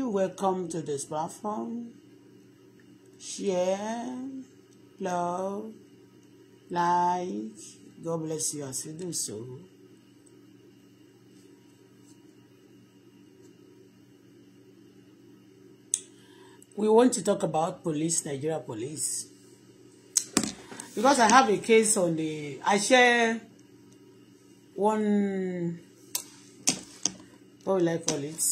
you welcome to this platform, share, love, like. God bless you as you do so. We want to talk about police, Nigeria police. Because I have a case on the, I share one, what will I call it?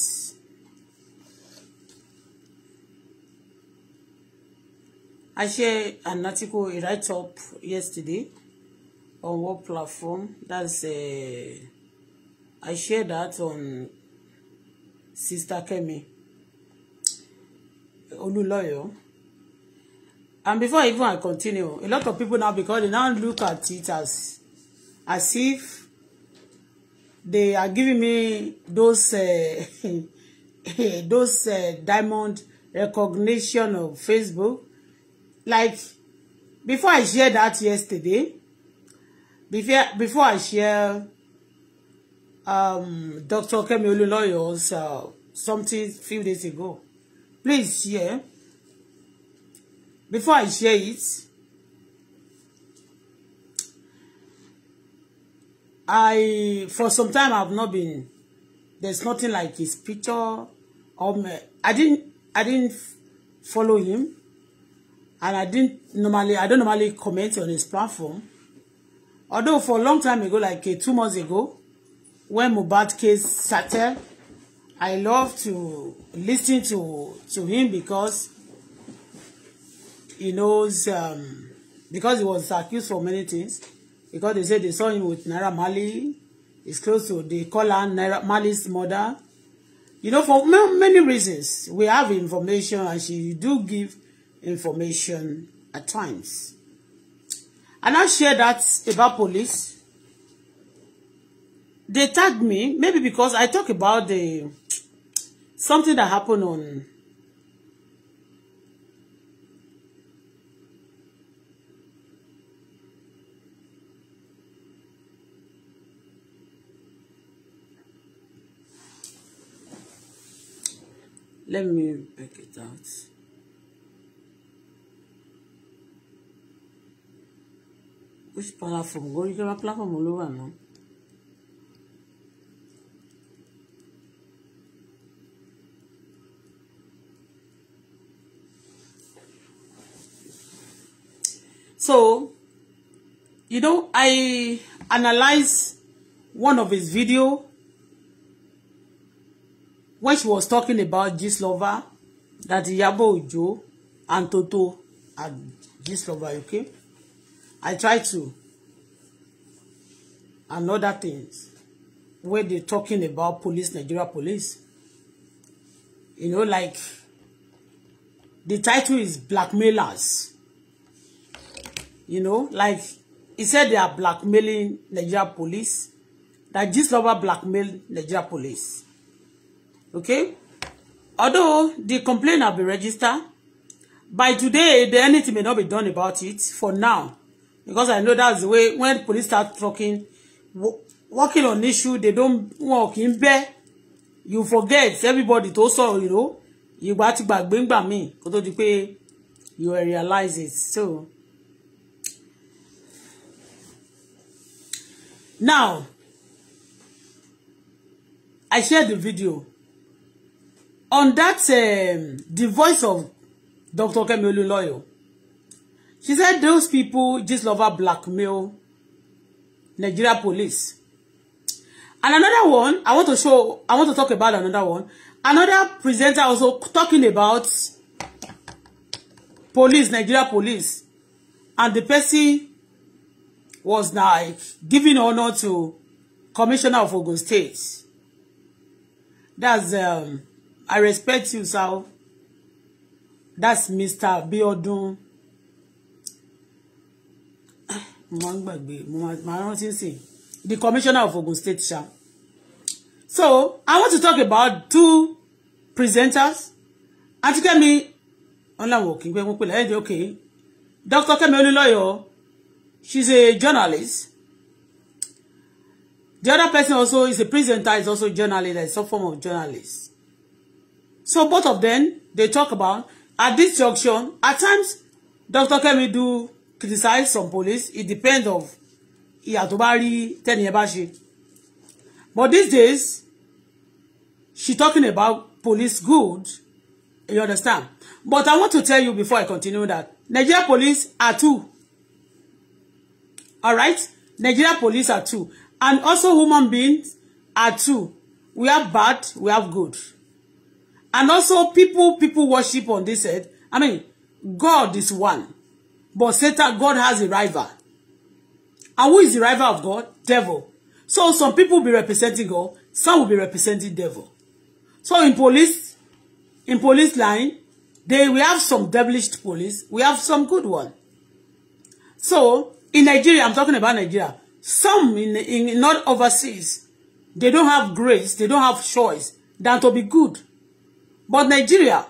I share an article, a write-up yesterday on what platform. That's a, uh, I share that on Sister Kemi Oluloyo. And before even I continue, a lot of people now, because they now look at it as, as if they are giving me those uh, those uh, diamond recognition of Facebook like before I share that yesterday, before before I share um Dr. Kemi lawyers uh, something few days ago, please share. Before I share it, I for some time I've not been there's nothing like his picture or um, I didn't I didn't follow him and I didn't normally I don't normally comment on his platform. Although for a long time ago, like uh, two months ago, when Mohbad case started, I love to listen to to him because he knows um, because he was accused for many things. Because they said they saw him with Naira Mali, he's close to They call her Naira Mali's mother. You know, for many reasons, we have information and she do give information at times. And I share that about police. They tagged me, maybe because I talk about the something that happened on Let me back it out. which platform oríṣiríṣi platform ló wà náà. so you know i analyzed one of his video when she was talking about Gistlover that Iyabo Ojo and Toto and Gistlover okay I try to. And other things. When they're talking about police, Nigeria police. You know, like, the title is blackmailers. You know, like, he said they are blackmailing Nigeria police. That this lover blackmail Nigeria police. Okay? Although the complaint have been registered, by today, the anything may not be done about it for now because I know that's the way when police start talking working on issue they don't work in í you forget everybody tó so, you know You ìgbà ti back, bring míì me. tó you pay, you will realize it so. Now, I shared the video. On that, um, the voice of Dr. Kemi Oluloyo, She said those people just love her blackmail Nigeria police. And another one, I want to show, I want to talk about another one. Another presenter also talking about police, Nigeria police. And the person was like giving honor to Commissioner of Ogun State. That's, um, I respect you, sir. That's Mr. Biodun mo máa ń gbàgbé mo máa rántí sí the commissioner of Ogun State ṣá so I want to talk about two presenters àti Kẹ́mi ọláwọ kì í gbẹ wọn pé lẹ́yìn ok Dr. Kẹ́mi Olúlọ́yọ̀ she's a journalist the other person also is a presenter is also a journalist like some form of journalist so both of them they talk about at this junction at times Dr. Kemi do criticize some police it depends of ìyà tó bá rí tẹ́ni ẹ bá ṣe but these days she talking about police good you understand but i want to tell you before i continue that Nigeria police are two all right Nigeria police are two and also human beings are two we have bad we have good and also people people worship on this earth i mean God is one But Satan, God has a rival. And who is the rival of God? Devil. So some people will be representing God, some will be representing devil. So in police, in police line, they we have some devilish police, we have some good one. So in Nigeria, I'm talking about Nigeria. Some in, in not overseas, they don't have grace, they don't have choice than to be good. But Nigeria,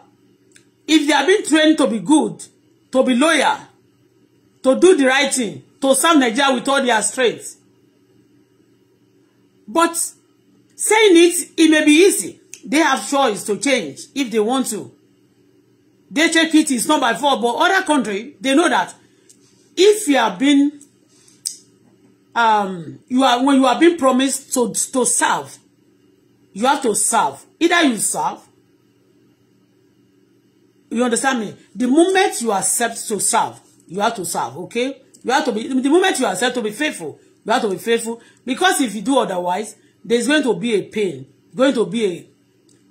if they are being trained to be good, to be loyal, to do the right thing, to serve Nigeria with all their strength. But saying it, it may be easy. They have choice to change if they want to. They check it, it's not by force, but other country, they know that if you have been, um, you are, when you have been promised to, to serve, you have to serve. Either you serve, you understand me? The moment you accept to serve, you have to serve okay you have to be the moment you are accept to be faithful you have to be faithful because if you do otherwise there's going to be a pain going to be a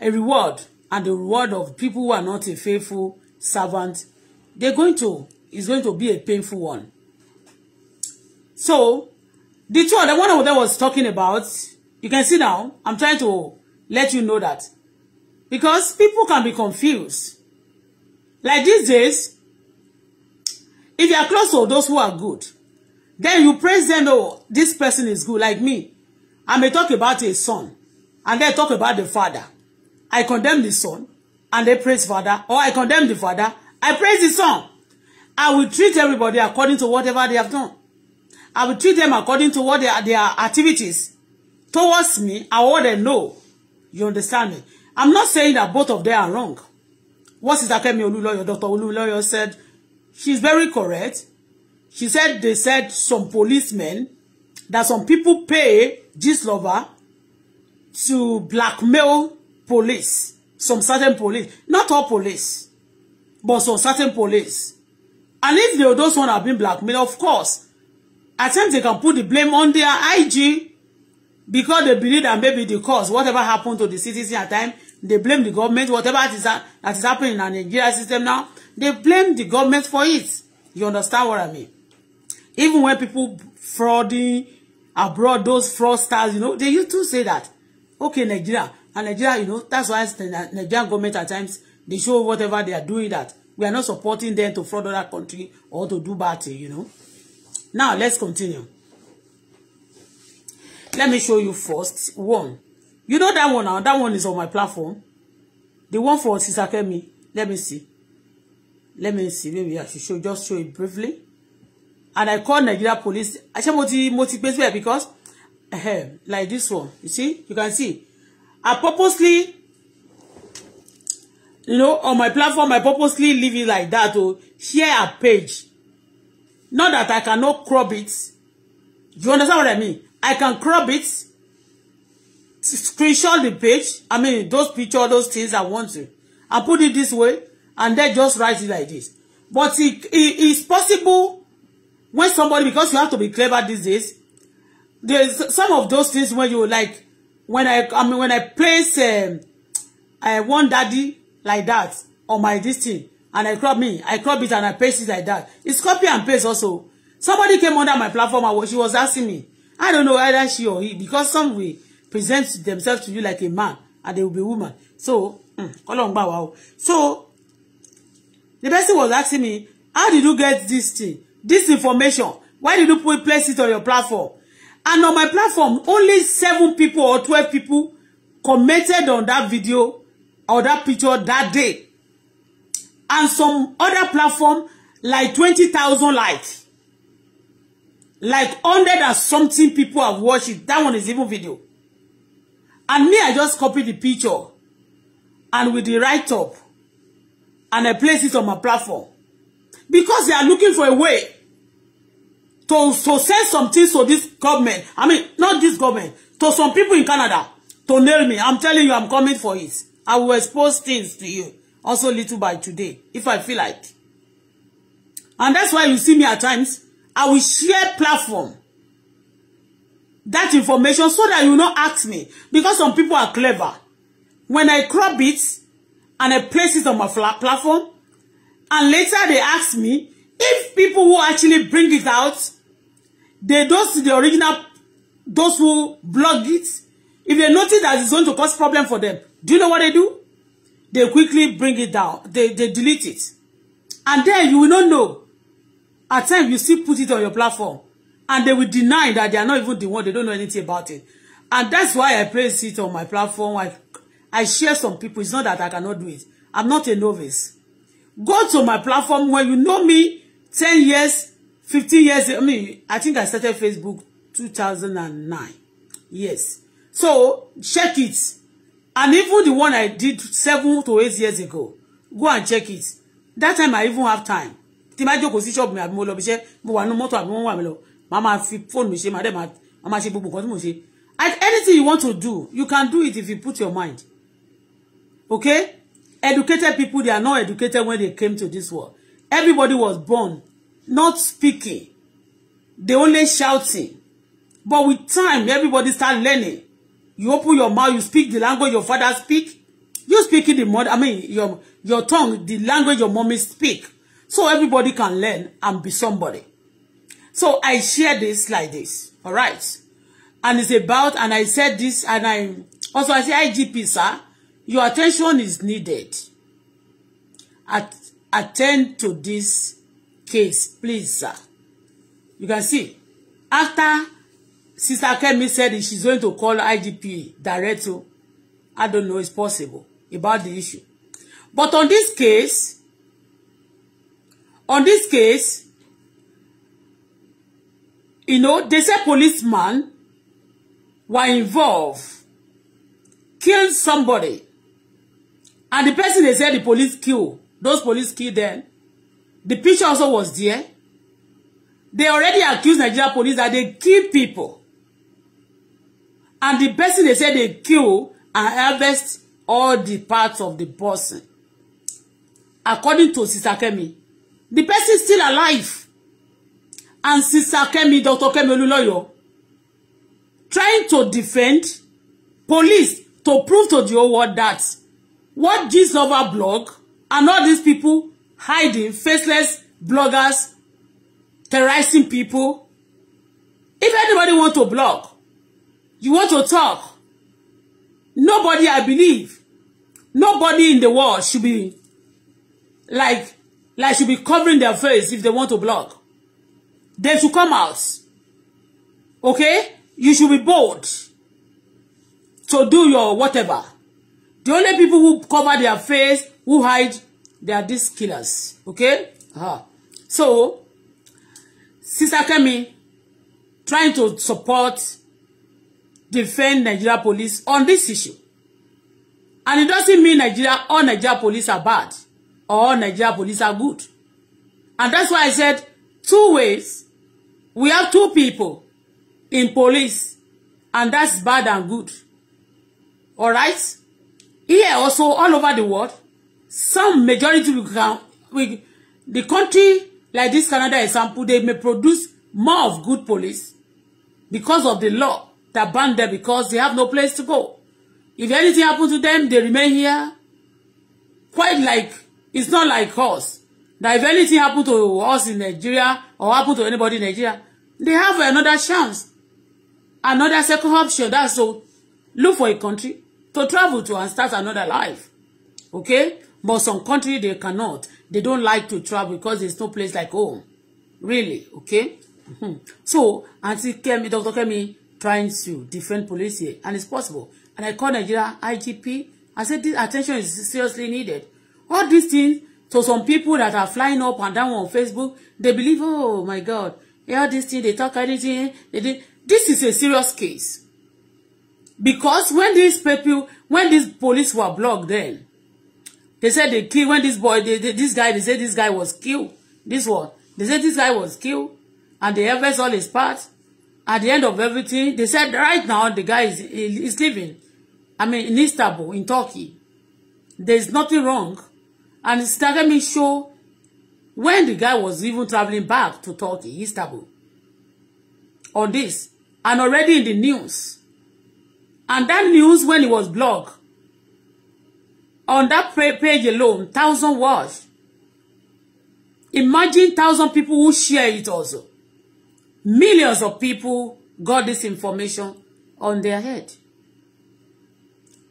a reward and the reward of people who are not a faithful servant they're going to is going to be a painful one so the two other one of them was talking about you can see now i'm trying to let you know that because people can be confused like these days If you are close to those who are good, then you praise them, oh, this person is good, like me. I may talk about a son, and then talk about the father. I condemn the son, and they praise father, or I condemn the father, I praise the son. I will treat everybody according to whatever they have done. I will treat them according to what their, their activities towards me and what they know. You understand me? I'm not saying that both of them are wrong. What Sister Kemi Oluloyo, Dr. Oluloyo said She's very correct. She said they said some policemen, that some people pay this lover to blackmail police, some certain police. Not all police, but some certain police. And if they, those ones have been blackmailed, of course, at times they can put the blame on their IG because they believe that maybe the cause, whatever happened to the citizen at time, they blame the government, whatever that is, that is happening in the Nigeria system now, They blame the government for it. You understand what I mean? Even when people frauding abroad, those fraudsters, you know, they used to say that. Okay, Nigeria. And Nigeria, you know, that's why the Nigerian government at times, they show whatever they are doing that. We are not supporting them to fraud other country or to do bad thing, you know. Now, let's continue. Let me show you first. One. You know that one now. That one is on my platform. The one for Sister Let me see let me see maybe I should show just show it briefly and I call Nigeria police ṣé mo multi mo ti gbé because uh, like this one you see you can see I purposely you know on my platform I purposely leave it like that to oh, share a page not that I cannot crop it you understand what I mean I can crop it screenshot the page I mean those picture those things I want to I put it this way and then just write it like this. But it, it, possible when somebody, because you have to be clever these days, there's some of those things when you like, when I, I mean, when I place um, I one daddy like that on my this thing, and I crop me, I crop it and I paste it like that. It's copy and paste also. Somebody came under my platform and she was asking me, I don't know either she or he, because some will present themselves to you like a man and they will be woman. So, mm, so The person was asking me, how did you get this thing, this information? Why did you put place it on your platform? And on my platform, only seven people or 12 people commented on that video or that picture that day. And some other platform, like 20,000 likes. Like 100 and something people have watched it. That one is even video. And me, I just copied the picture. And with the write-up, and I place it on my platform because they are looking for a way to, to send something to this government. I mean, not this government, to some people in Canada to nail me. I'm telling you, I'm coming for it. I will expose things to you also little by today if I feel like. And that's why you see me at times, I will share platform that information so that you not ask me because some people are clever. When I crop it, and I place it on my platform. And later they asked me if people who actually bring it out, they those the original, those who blog it, if they notice that it's going to cause problem for them, do you know what they do? They quickly bring it down. They, they delete it. And then you will not know. At times you still put it on your platform. And they will deny that they are not even the one. They don't know anything about it. And that's why I place it on my platform. I I share some people. It's not that I cannot do it. I'm not a novice. Go to my platform where you know me 10 years, 15 years. I mean, I think I started Facebook 2009. Yes. So check it. And even the one I did seven to eight years ago, go and check it. That time I even have time. Tí ma jókòó sí shop mi àbí mo lọ bí iṣẹ́, mo wà nínú mọ́tò àbí fi phone mi ṣe, màá dẹ̀ ma ma ṣe mo ṣe. Anything you want to do, you can do it if you put your mind. Okay? Educated people, they are not educated when they came to this world. Everybody was born, not speaking. They only shouting. But with time, everybody start learning. You open your mouth, you speak the language your father speak. You speaking the mother, I mean, your, your tongue, the language your mommy speak. So everybody can learn and be somebody. So I share this like this. All right. And it's about, and I said this, and I also I say IGP, sir. Your attention is needed. At, attend to this case, please, sir. You can see, after Sister Kemi said she's going to call IGP directly, I don't know, it's possible about the issue. But on this case, on this case, you know, they say policemen were involved, killed somebody, And the person they said the police kill, those police kill them. The picture also was there. They already accused Nigeria police that they kill people. And the person they said they kill and harvest all the parts of the person. According to Sister Kemi, the person is still alive. And Sister Kemi, Dr. Kemi Oluloyo, trying to defend police to prove to the whole world that What this over blog and all these people hiding, faceless bloggers, terrorizing people. If anybody want to blog, you want to talk, nobody, I believe, nobody in the world should be like, like should be covering their face if they want to blog. They should come out. Okay? You should be bold to do your whatever. The only people who cover their face, who hide, they are these killers. Okay? Uh-huh. So, Sister Kemi, trying to support, defend Nigeria police on this issue. And it doesn't mean Nigeria or Nigeria police are bad or Nigeria police are good. And that's why I said two ways. We have two people in police and that's bad and good. All right? Here also, all over the world, some majority will count with the country like this Canada example, they may produce more of good police because of the law that ban them because they have no place to go. If anything happens to them, they remain here. Quite like, it's not like us. That if anything happened to us in Nigeria or happen to anybody in Nigeria, they have another chance. Another second option. That's so. Look for a country to travel to and start another life. Okay? But some country, they cannot. They don't like to travel because there's no place like home. Really, okay? Mm-hmm. So, Auntie Kemi, Dr. Kemi, trying to defend police here, and it's possible. And I called Nigeria IGP. I said, this attention is seriously needed. All these things, to some people that are flying up and down on Facebook, they believe, oh my God, yeah, this thing, they talk anything. They did. This is a serious case. Because when these people, when these police were blocked then, they said they killed, when this boy, they, they, this guy, they said this guy was killed. This one. They said this guy was killed. And they harvest all his parts. At the end of everything, they said right now the guy is, is living. I mean, in Istanbul, in Turkey. There's nothing wrong. And it started me show when the guy was even traveling back to Turkey, Istanbul. On this. And already in the news. And that news, when it was blocked, on that page alone, thousand words. Imagine thousand people who share it also. Millions of people got this information on their head.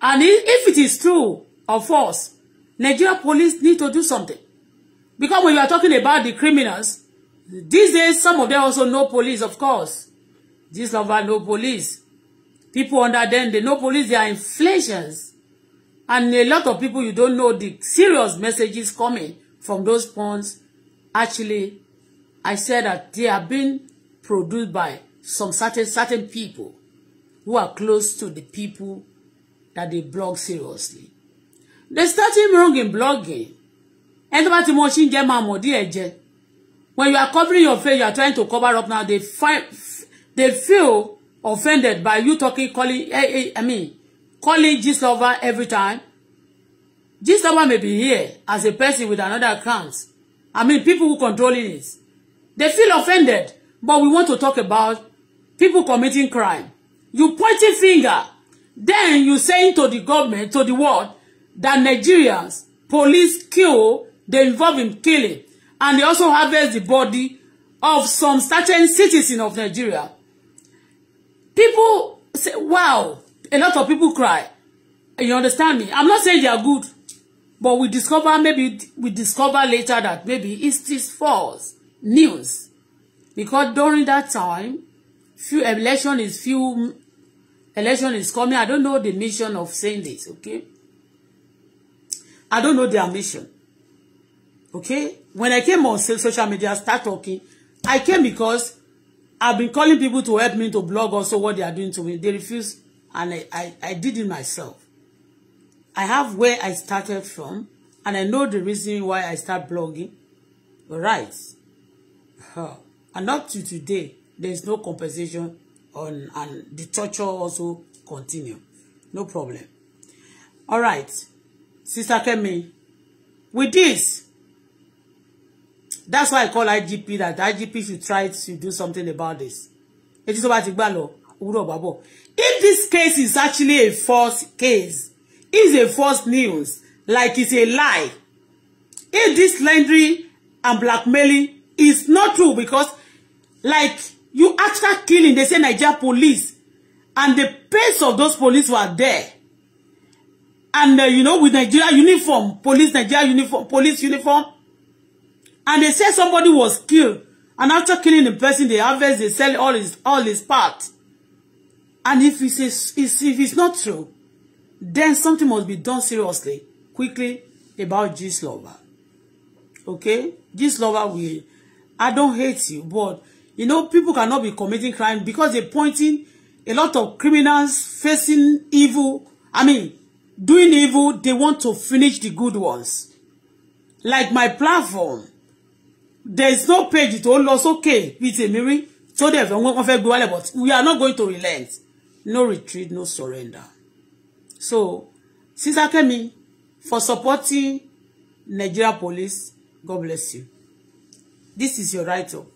And if it is true or false, Nigeria police need to do something. Because when you are talking about the criminals, these days, some of them also know police, of course. This lover know police people under them, they know police, they are inflations. And a lot of people, you don't know the serious messages coming from those funds. Actually, I said that they are being produced by some certain certain people who are close to the people that they blog seriously. They starting wrong in blogging. Ẹni watching, bá ti mọ ṣì When you are covering your face, you are trying to cover up now. They find, they feel offended by you talking, calling, I, eh, eh, I mean, calling Gist Lover every time. Gist Lover may be here as a person with another account. I mean, people who controlling it. They feel offended, but we want to talk about people committing crime. You pointing finger, then you saying to the government, to the world, that Nigerians, police kill, they involve in killing, and they also harvest the body of some certain citizen of Nigeria people say, wow, a lot of people cry. You understand me? I'm not saying they are good, but we discover maybe we discover later that maybe it's this false news because during that time, few election is few election is coming. I don't know the mission of saying this. Okay, I don't know their mission. Okay, when I came on social media, start talking. I came because I've been calling people to help me to blog also what they are doing to me. They refuse, and I, I, I did it myself. I have where I started from, and I know the reason why I start blogging. All right. And up to today, there is no compensation on, and the torture also continue. No problem. All right. Sister Kemi, with this, that's why I call IGP that IGP should try to do something about this It is about ti gbà lọ if this case is actually a false case is a false news like it's a lie if this laundry and blackmailing is not true because like you after killing they say Nigeria police and the pace of those police were there and uh, you know with Nigeria uniform police Nigeria uniform police uniform And they say somebody was killed. And after killing the person, they harvest, they sell all his all his parts. And if it's, a, it's if it's not true, then something must be done seriously, quickly about Jesus lover. Okay, Jesus lover we. I don't hate you, but you know people cannot be committing crime because they're pointing a lot of criminals facing evil. I mean, doing evil. They want to finish the good ones. Like my platform there is no page to lọ sókè bíi tèmi rí tó dẹ̀ fẹ́ wọ́n fẹ́ gbé but we are not going to relent no retreat no surrender so sister Kemi for supporting Nigeria police God bless you this is your right up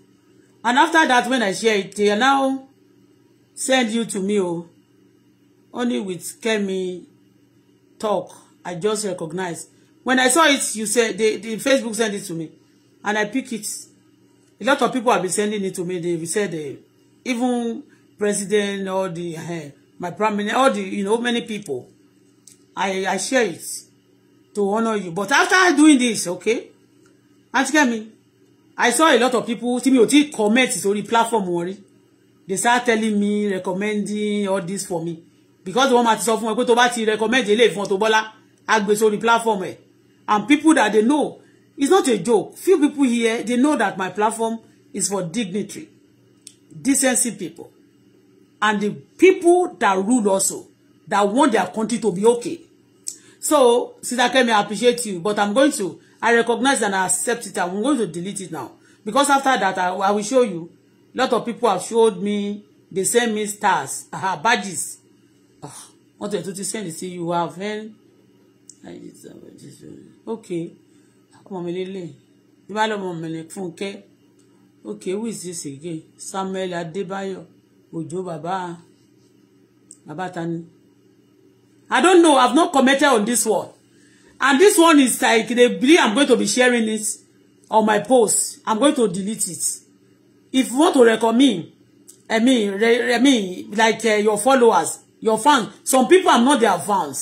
and after that when I share it they are now send you to me oh. only with Kemi talk I just recognize when I saw it you said the the Facebook sent it to me and I pick it. A lot of people have been sending it to me. They said uh, even president or the uh, my prime minister, all the you know many people. I I share it to honor you. But after doing this, okay, auntie me? I saw a lot of people. Tí mi ò comments on the platform worry. They start telling me recommending all this for me because one matter ti sọ fún wọn pé tó bá ti recommend eléyìí fún Auto Bola á gbé sórí platform and people that they know It's not a joke. Few people here, they know that my platform is for dignitary, decency people, and the people that rule also, that want their country to be okay. So, Sister Kemi, I appreciate you, but I'm going to, I recognize and I accept it. I'm going to delete it now. Because after that, I, I will show you. A lot of people have showed me, they send me stars, uh, badges. what they do to send it to you, have earned. Eh? Okay ọmọ mi lélẹ̀ bá lọ́mọ mi ní fúnkẹ́ okay who is samuel adébáyọ̀ òjò bàbá bàbá tani i don't know i have not commented on this one and this one is like they believe i'm going to be sharing it on my post i'm going to delete it if you want to recommend i mean like uh, your followers your fans some people are not their fans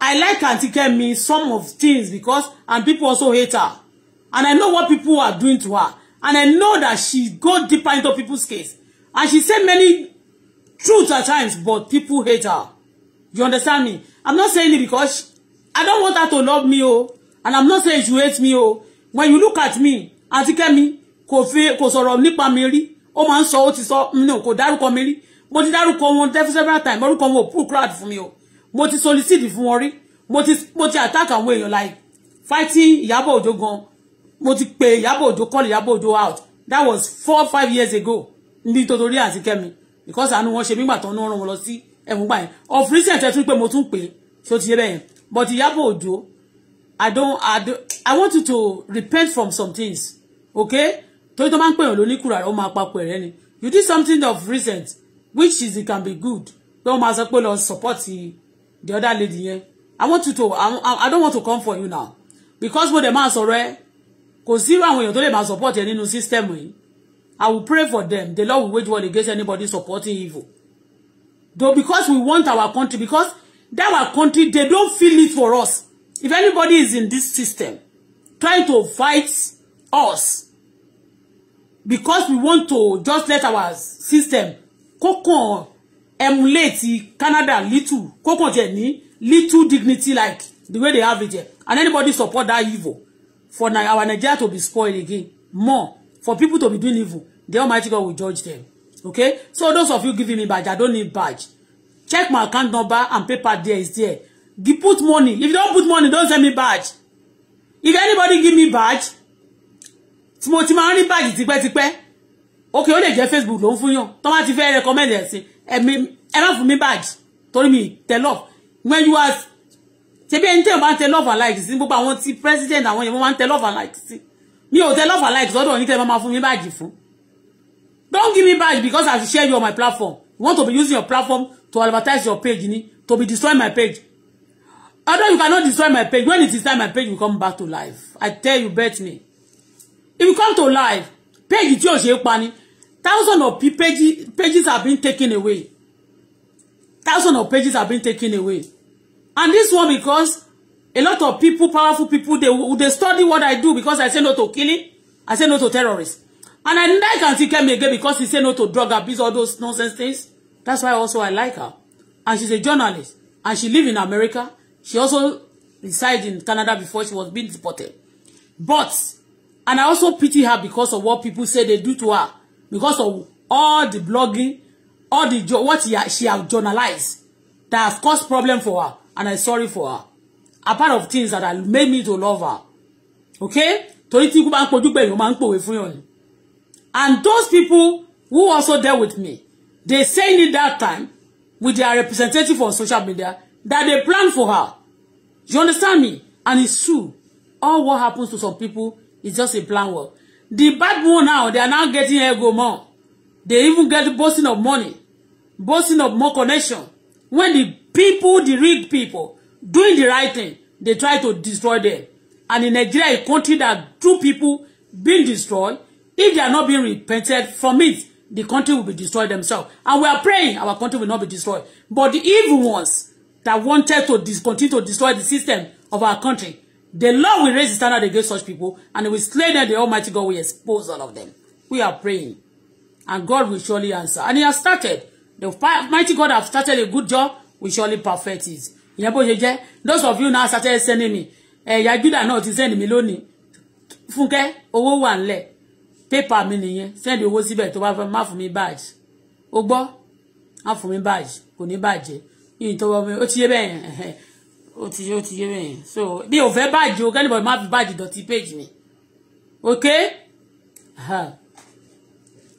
I like Auntie Kemi some of things because and people also hate her. And I know what people are doing to her. And I know that she go deeper into people's case. And she said many truths at times, but people hate her. You understand me? I'm not saying it because she, I don't want her to love me, oh. And I'm not saying she hates me, oh. When you look at me, Auntie Kemi, kò fẹ́ kò sọ̀rọ̀ nípa mi rí. Ó máa ń sọ, ó ti mm, no, kò dárúkọ mi rí. Mo ti dárúkọ wọn several times. Orúkọ wọn ò pull crowd fún mi, oh mo ti solicit fún wọn rí mo ti mo ti attack àwọn èèyàn like fighting Ìyábọ̀ Òjó gan mo ti pe Ìyábọ̀ Òjó call Ìyábọ̀ Òjó out that was four five years ago ní totori àti Kẹ́mi because àánú wọn ṣe mígbà tó ń rán wọn lọ sí ẹ̀wọ̀n gbà of recent ẹ tún pé mo tún pè é ṣó ti yé bẹ́ẹ̀ yẹn but Ìyábọ̀ Òjó I don't I don't I want you to repent from some things okay torí tó máa ń pè yàn lóní kúrò rẹ̀ ó máa papọ̀ ẹ̀rẹ́ ni you did something of recent which is it can be good pé wọ́n máa sọ pé lọ support the other lady yẹn i want you to i, I don't want to come for you now because mo dẹ̀ máa sọ̀rọ̀ ẹ kò sí irú àwọn èèyàn tó support ẹ nínú system yìí i will pray for them the lord will wage war against anybody supporting evil though because we want our country because that our country they don't feel it for us if anybody is in this system trying to fight us because we want to just let our system kókàn emulate Canada little kókò jẹ ní little dignity like the way they have it and anybody support that evil for na our Nigeria to be spoiled again more for people to be doing evil the Almighty God will judge them okay so those of you giving me badge I don't need badge check my account number and paper there is there give put money if you don't put money don't send me badge if anybody give me badge tí mo ti máa ń badge tipẹ́tipẹ́ okay ó lè jẹ́ Facebook ló ń fún yàn tó bá ti fẹ́ recommend ẹ̀ sí ẹ̀mí ẹ̀rọ fún mi badge. torí mi tẹ love when you ask. ṣebí ẹni tẹ́wọ̀n bá ń tẹ love and like sí gbogbo àwọn tí president àwọn yẹn wọ́n máa ń tẹ love and like sí mi ò tẹ love and like sọ́dọ̀ ní tẹ́ máa fún mi bad fún don't give me badge because I share you on my platform you want to be using your platform to advertise your page ni to be destroy my page although you cannot destroy my page when it is time my page will come back to life I tell you bet me if you come to life page tí o ṣe é pa ni Thousands of pages, pages have been taken away. Thousands of pages have been taken away. And this one because a lot of people, powerful people, they, they study what I do because I say no to killing. I say no to terrorists. And I like Auntie Kemi again because she say no to drug abuse, all those nonsense things. That's why also I like her. And she's a journalist. And she live in America. She also resides in Canada before she was being deported. But, and I also pity her because of what people say they do to her because of all the blogging, all the what he, she have journalized that have caused problem for her, and I'm sorry for her. A part of things that have made me to love her. Okay? Torí tí ikú bá ń man gbẹ̀yìn, ó máa And those people who also dealt with me, they saying it that time with their representative on social media that they plan for her. You understand me? And it's true. All what happens to some people is just a plan work. The bad one now, they are now getting ego more. They even get boasting of money, boasting of more connection. When the people, the real people, doing the right thing, they try to destroy them. And in Nigeria, a country that two people being destroyed, if they are not being repented from it, the country will be destroyed themselves. And we are praying our country will not be destroyed. But the evil ones that wanted to continue to destroy the system of our country, The Lord will raise the standard against such people and will slay them. The Almighty God will expose all of them. We are praying and God will surely answer. And He has started. The mighty God has started a good job. We surely perfect it. Ìyẹn bó ṣe those of you now started sending me ẹ̀yà Júdà náà ti send mi lónìí. Fúnkẹ́ owó wà ńlẹ̀ pépà mi nìyẹn send owó síbẹ̀ tó bá fẹ́ má fún mi badge. O gbọ́ má mi badge kò ní bàjẹ́ yìí tó wọ́n mi ó ti yé bẹ́ẹ̀ yẹn ó ti ó ti yé mi so mi ò fẹ́ báàjì o kẹ́ni bọ̀dì má fi báàjì dọ̀tí page mi ok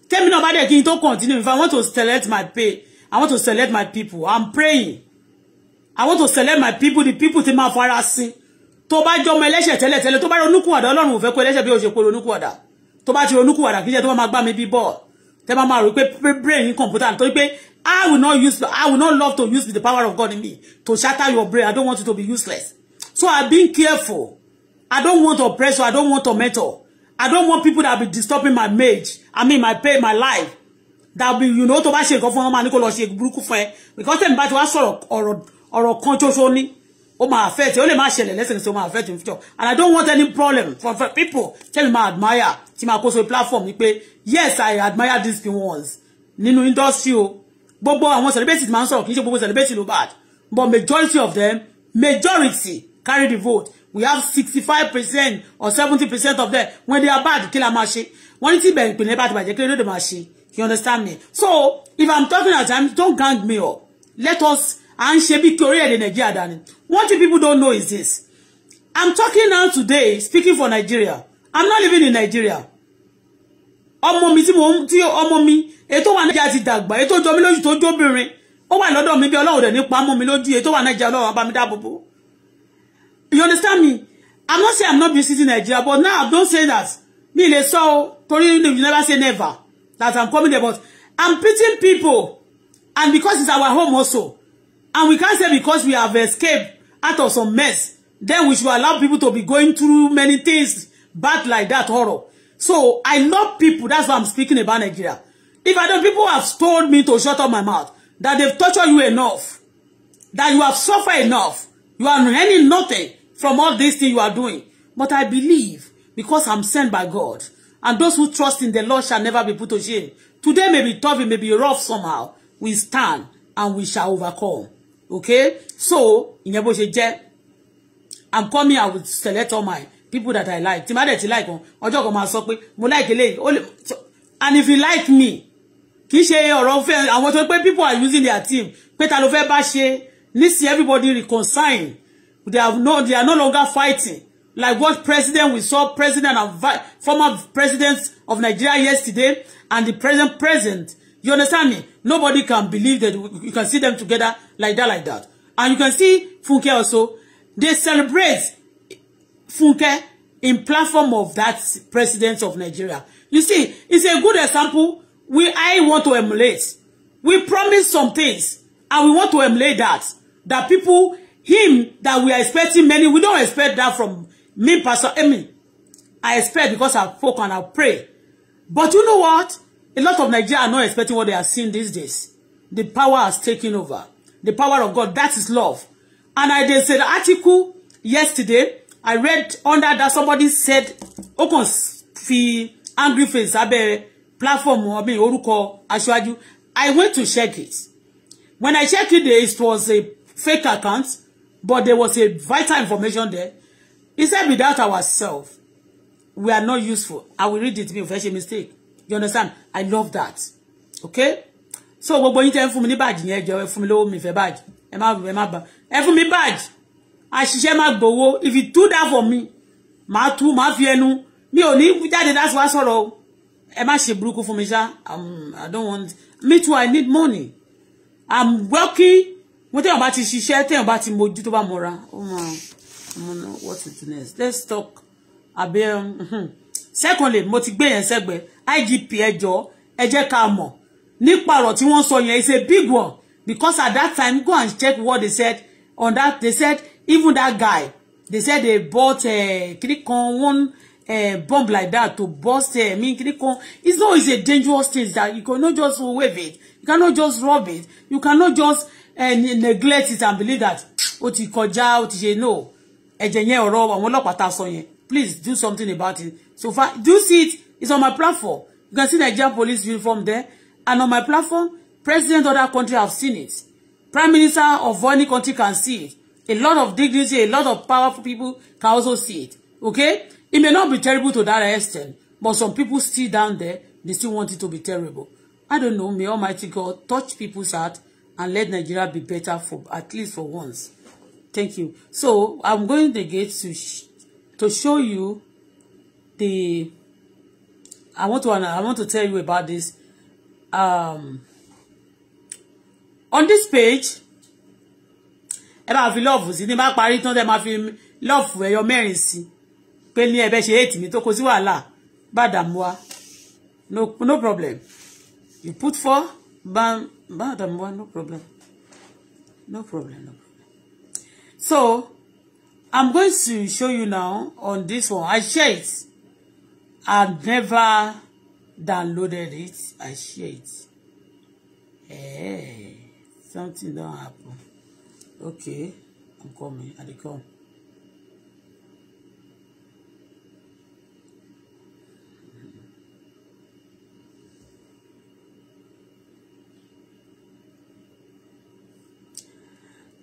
tẹ́mi náà bá dẹ̀ kí n tó continue if I want to select my pay I want to select my people I'm praying I want to select my people the people ti máa fara sí tó bá jọ ọmọ ẹlẹ́ṣẹ̀ tẹ́lẹ̀tẹ́lẹ̀ tó bá ronúkúwàdà ọlọ́run ò fẹ́ kó ẹlẹ́ṣẹ̀ bí o ṣe kó ronúkúwàdà tó bá ti ronúkúwàdà kí jẹ́ tó bá máa gbá mi bí bọ́ọ̀lù tẹ́ bá máa rò pé brain yín computer nítorí pé I will not use I will not love to use the power of God in me to shatter your brain I don't want you to be useless so I been careful I don't want to oppressor I don't want to mentor. I don't want people that be disturbing my mage. I mean my pay my life that be you know tó bá ṣe nǹkan fún ọmọ àníkó lọ ṣe burúkú fún ẹ because tẹ̀mí bá ti wá sọ̀rọ̀ ọ̀rọ̀ kan ṣoṣo ni ó máa affect ó lè máa ṣẹlẹ̀ lẹ́sìn sí ó máa affect in future and I don't want any problem from people tell me admire tí máa kó so platform ni pé yes I admire these people ones nínú industry o gbogbo àwọn celebrities máa ń sọ̀rọ̀ kì í ṣe gbogbo celebrities ló bad but majority of them majority carry the vote we have sixty five percent or seventy percent of them when they are bad kí la máa ṣe wọ́n ní tí ìbẹ̀rù ìpìlẹ̀ bá ti bàjẹ́ kí ló dé ṣe you understand me so if I'm talking at times don't gang me up let us And she be bí in Nigeria. èdè what you people don't know is this i'm talking now today speaking for nigeria i'm not living in nigeria ọmọ mi tí mo tí ọmọ mi ètò wà nàìjíríà ti dàgbà ètò jọmí lójú tó jóbìnrin ó wà lọ́dọ̀ mi bí ọlọ́run dẹ̀ nípa mọ́ mi lójú ètò wà nàìjíríà ọlọ́run bá mi dáàbò bò you understand me i'm not saying i'm not visiting nigeria but now i don't say that mi lè sọ o you never say never that i'm coming there but i'm pitiing people and because it's our home also And we can't say because we have escaped out of some mess, then we should allow people to be going through many things bad like that, horror. So I love people. That's why I'm speaking about Nigeria. If I don't, people have told me to shut up my mouth, that they've tortured you enough, that you have suffered enough, you are earning nothing from all these things you are doing. But I believe, because I'm sent by God, and those who trust in the Lord shall never be put to shame. Today may be tough, it may be rough somehow. We stand and we shall overcome okay so ìyẹn bó ṣe jẹ́ i'm coming out will select all my people that i like tí má dẹ̀ ti like wọn ọjọ́ kan máa sọ pé mo like eléyìí ó lè and if you like me kì í ṣe ọ̀rọ̀ fẹ́ àwọn tó pé people are using their team pé ta ló fẹ́ bá ṣe nísìnyí everybody reconcile they have no they are no longer fighting like what president we saw president and former president of Nigeria yesterday and the present president you understand me nobody can believe that you can see them together like that, like that. And you can see Funke also. They celebrate Funke in platform of that president of Nigeria. You see, it's a good example. We I want to emulate. We promise some things, and we want to emulate that. That people, him, that we are expecting many, we don't expect that from me, Pastor Emi. I expect because I folk and I pray. But you know what? A lot of Nigerians are not expecting what they are seeing these days. The power has taken over. The power of God, that is love. And I did say the article yesterday, I read under that somebody said, ó kàn fi angry face abẹ́ platform ọmọ oruko aṣáájú. I went to check it. When I checked it, it was a fake account, but there was a vital information there. He said, without ourselves, we are not useful. I will read it, mi ò fẹ́ ṣe mistake. You understand? I love that. Okay? so gbogbo yín tẹ́ ń fún mi ní báàjì yẹn ẹ jọ̀ọ́ ẹ fún mi lówó mi fẹ́ báàjì ẹ má ẹ má ba ẹ fún mi báàjì àṣìṣe má gbowó if you do that for me màá tú màá fi ẹnu mi ò ní jáde láti wá sọ̀rọ̀ o ẹ má ṣe burúkú fún mi ṣá i don't want me too i need money i'm working mo téèyàn bá ti ṣiṣẹ́ téèyàn bá ti mojú tó bá mọ́ra ó mọ what to do next let's talk abẹ́ um, hmm, secondly mo ti gbé yẹn sẹ́gbẹ̀ẹ́ igp ẹjọ́ ẹ jẹ́ nípa ọ̀rọ̀ tí wọ́n sọ yẹn is a big one because at that time go and check what they said on that they said even that guy they said they bought uh, kiri kan one uh, bomb like that to burst uh, I mean kiri kan it's not it's a dangerous thing that you cannot just wave it you cannot just rub it you cannot just uh, neglect it and believe that ó ti kọjá ó ti ṣe no ẹ̀jẹ̀ yẹn ọ̀rọ̀ àwọn ọlọ́pàá ta sọ yẹn please do something about it so far do you see it it's on my platform you can see Nigerian police uniform there And on my platform, president of that country have seen it. Prime minister of any country can see it. A lot of dignity, a lot of powerful people can also see it. Okay? It may not be terrible to that extent, but some people still down there, they still want it to be terrible. I don't know, may Almighty God touch people's heart and let Nigeria be better for at least for once. Thank you. So I'm going to gate to sh to show you the I want to I want to tell you about this um, on this page ẹ bá fi lọ́ọ̀fù sí ní bá parí tán tẹ máa fi lọ́ọ̀fù ẹyọ mẹ́rin sí pé ní ẹbẹ ṣe éètì mi tó kó sí wàhálà bá wa no no problem you put for bá bá wa no problem no problem no problem so i'm going to show you now on this one i share it i never downloaded it i share it hey, eh, something don't happen okay i'm coming i dey come.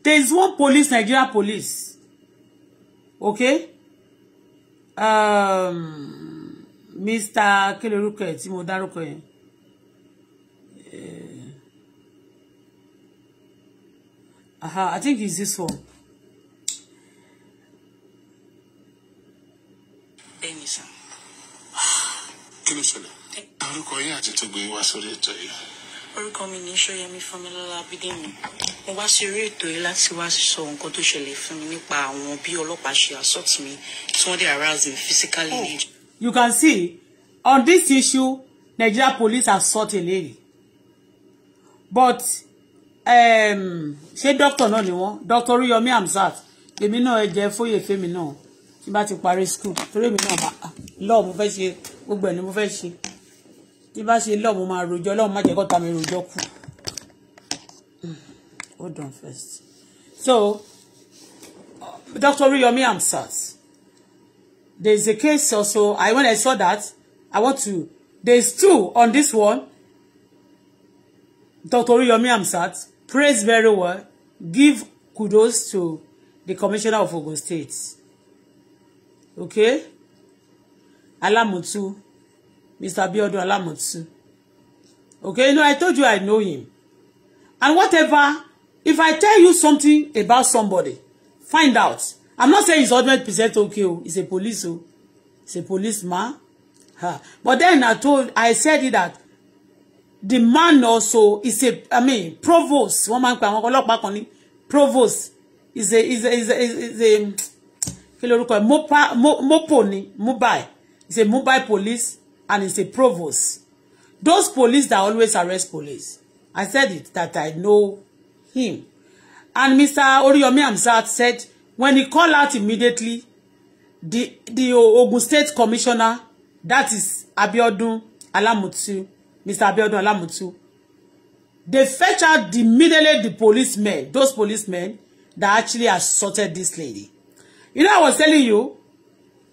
there is one police Nigeria police okay um mr kílò orúkọ ẹ̀ tí mo dárúkọ yẹn eh, aha i think it's this one. bẹ́ẹ̀ni sàn. kí ló ṣẹlẹ̀ orúkọ yín àti tó gbé wá sórí ètò yìí. orúkọ mi ní Ṣóyẹmí Fọmilọ́lá Abídèmí mo wá sí orí ètò yìí láti wá sọ nǹkan tó ṣẹlẹ̀ fún mi nípa àwọn bí ọlọ́pàá ṣe assault mi tí wọ́n dé harass me physically. Oh. You can see on this issue, Nigeria police have sought a lady. But um, ṣé doctor no ni wọ́n doctor Oríyọmí Hamzat èmi náà ẹ jẹ́ fóyè fèmi náà tí bá ti parí school torí èmi náà ah, lọ́ọ̀ mo fẹ́ ṣe gbogbo ẹ̀ ni mo fẹ́ ṣe tí bá ṣe lọ́ọ̀ mo máa rojọ́ lọ́ọ̀ má jẹ́ kọ́ta mi rojọ́ kù hmm, hold on first so Doctor, Dr. Oríyọmí Hamzat There's a case also. I when I saw that, I want to. There's two on this one. Dr. Yomi Amsat Praise very well. Give kudos to the commissioner of Ogun State. Okay? Alamutu. Mr. Biodo Alamutu. Okay, you know, I told you I know him. And whatever, if I tell you something about somebody, find out. I'm not saying it's 100% okay. Oh. He's a police. Oh. He's a policeman. Ha. But then I told, I said it that the man also is a, I mean, provost. One man, I'm going back on provost is a, is a, is a, is a, kí lorúkọ ẹ̀ mopo ni mobile It's a mobile police and it's a provost. Those police that always arrest police. I said it that I know him. And Mr. Oriyomi Hamzat said When he called out immediately, the, the Ogun State Commissioner, that is Abiodun Alamutu, Mr. Abiodun Alamutu, they fetch out immediately the policemen, those policemen that actually assaulted this lady. You know, I was telling you,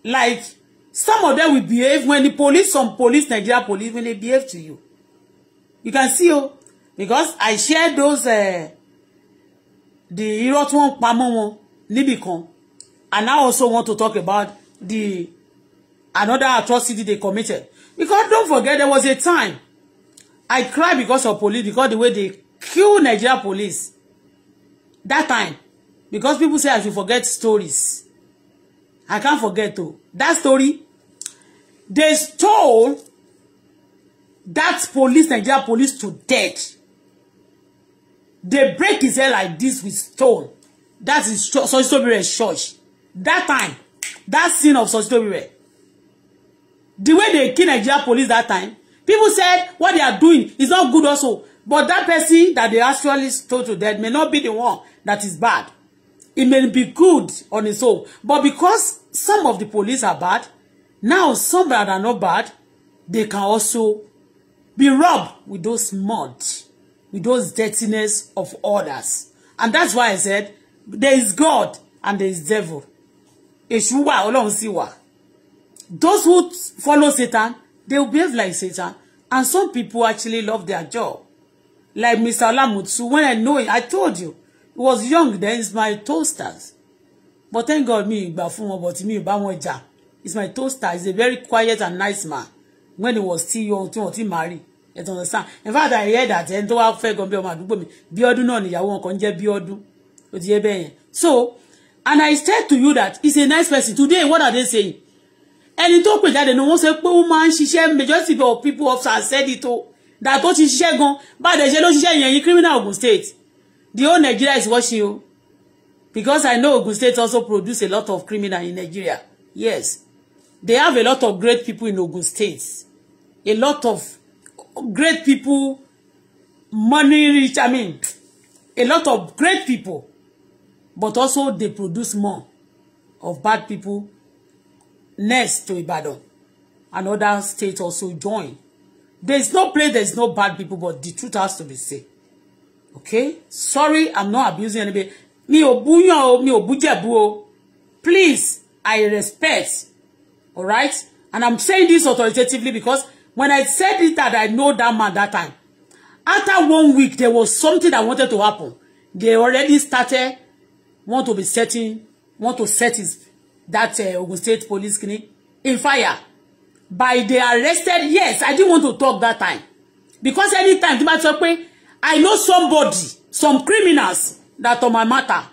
like, some of them will behave when the police, some police, Nigeria police, when they behave to you. You can see, oh, because I share those, uh, the irọ́ tí wọ́n ń Libicon, and I also want to talk about the another atrocity they committed because don't forget there was a time I cried because of police because the way they kill Nigeria police that time because people say I should forget stories I can't forget though that story they stole that police Nigeria police to death they break his head like this with stone that is Sotitobire church that time that scene of Sotitobire the way they kill Nigeria police that time people said what they are doing is not good also but that person that they actually stole to death may not be the one that is bad it may be good on its own but because some of the police are bad now some that are not bad they can also be robbed with those mud with those dirtiness of others and that's why I said there is God and there is devil èṣù wà ọlọ́run sì those who follow Satan they will behave like Satan and some people actually love their job like Mr. Olamutsu when I know him I told you he was young then he's my toasters but thank God me ìgbà fún wọn but me, ì bá wọn jà he's my toaster he's a very quiet and nice man when he was still young tí wọn ti marry you understand in fact I heard that ẹni tó wá fẹ́ gan bí ọmọ àdúgbò mi bí ọdún náà nìyàwó wọn kan jẹ́ bí ọdún ó so and I said to you that he's a nice person today what are they saying ẹni tó pè jáde ni wọ́n sọ pé ó máa ń ṣiṣẹ́ majority of people of said it ó that. What she bá a dẹ̀ ṣe ló ṣiṣẹ́ yẹn yín criminal Ogun State the whole Nigeria is watching you because I know Ogun State also produce a lot of criminal in Nigeria yes they have a lot of great people in Ogun State a lot of great people money rich I mean a lot of great people but also they produce more of bad people next to Ibadan and other states also join. There is no place there is no bad people, but the truth has to be said. Okay? Sorry, I'm not abusing anybody. Mi ò búyàn o, mi Please, I respect. All right? And I'm saying this authoritatively because when I said it that I know that man that time, after one week, there was something that wanted to happen. They already started want to be setting, want to set his, that uh, Ogun State police clinic in fire. By they arrested, yes, I didn't want to talk that time. Because anytime, tí bá sọ I know somebody, some criminals that on my matter.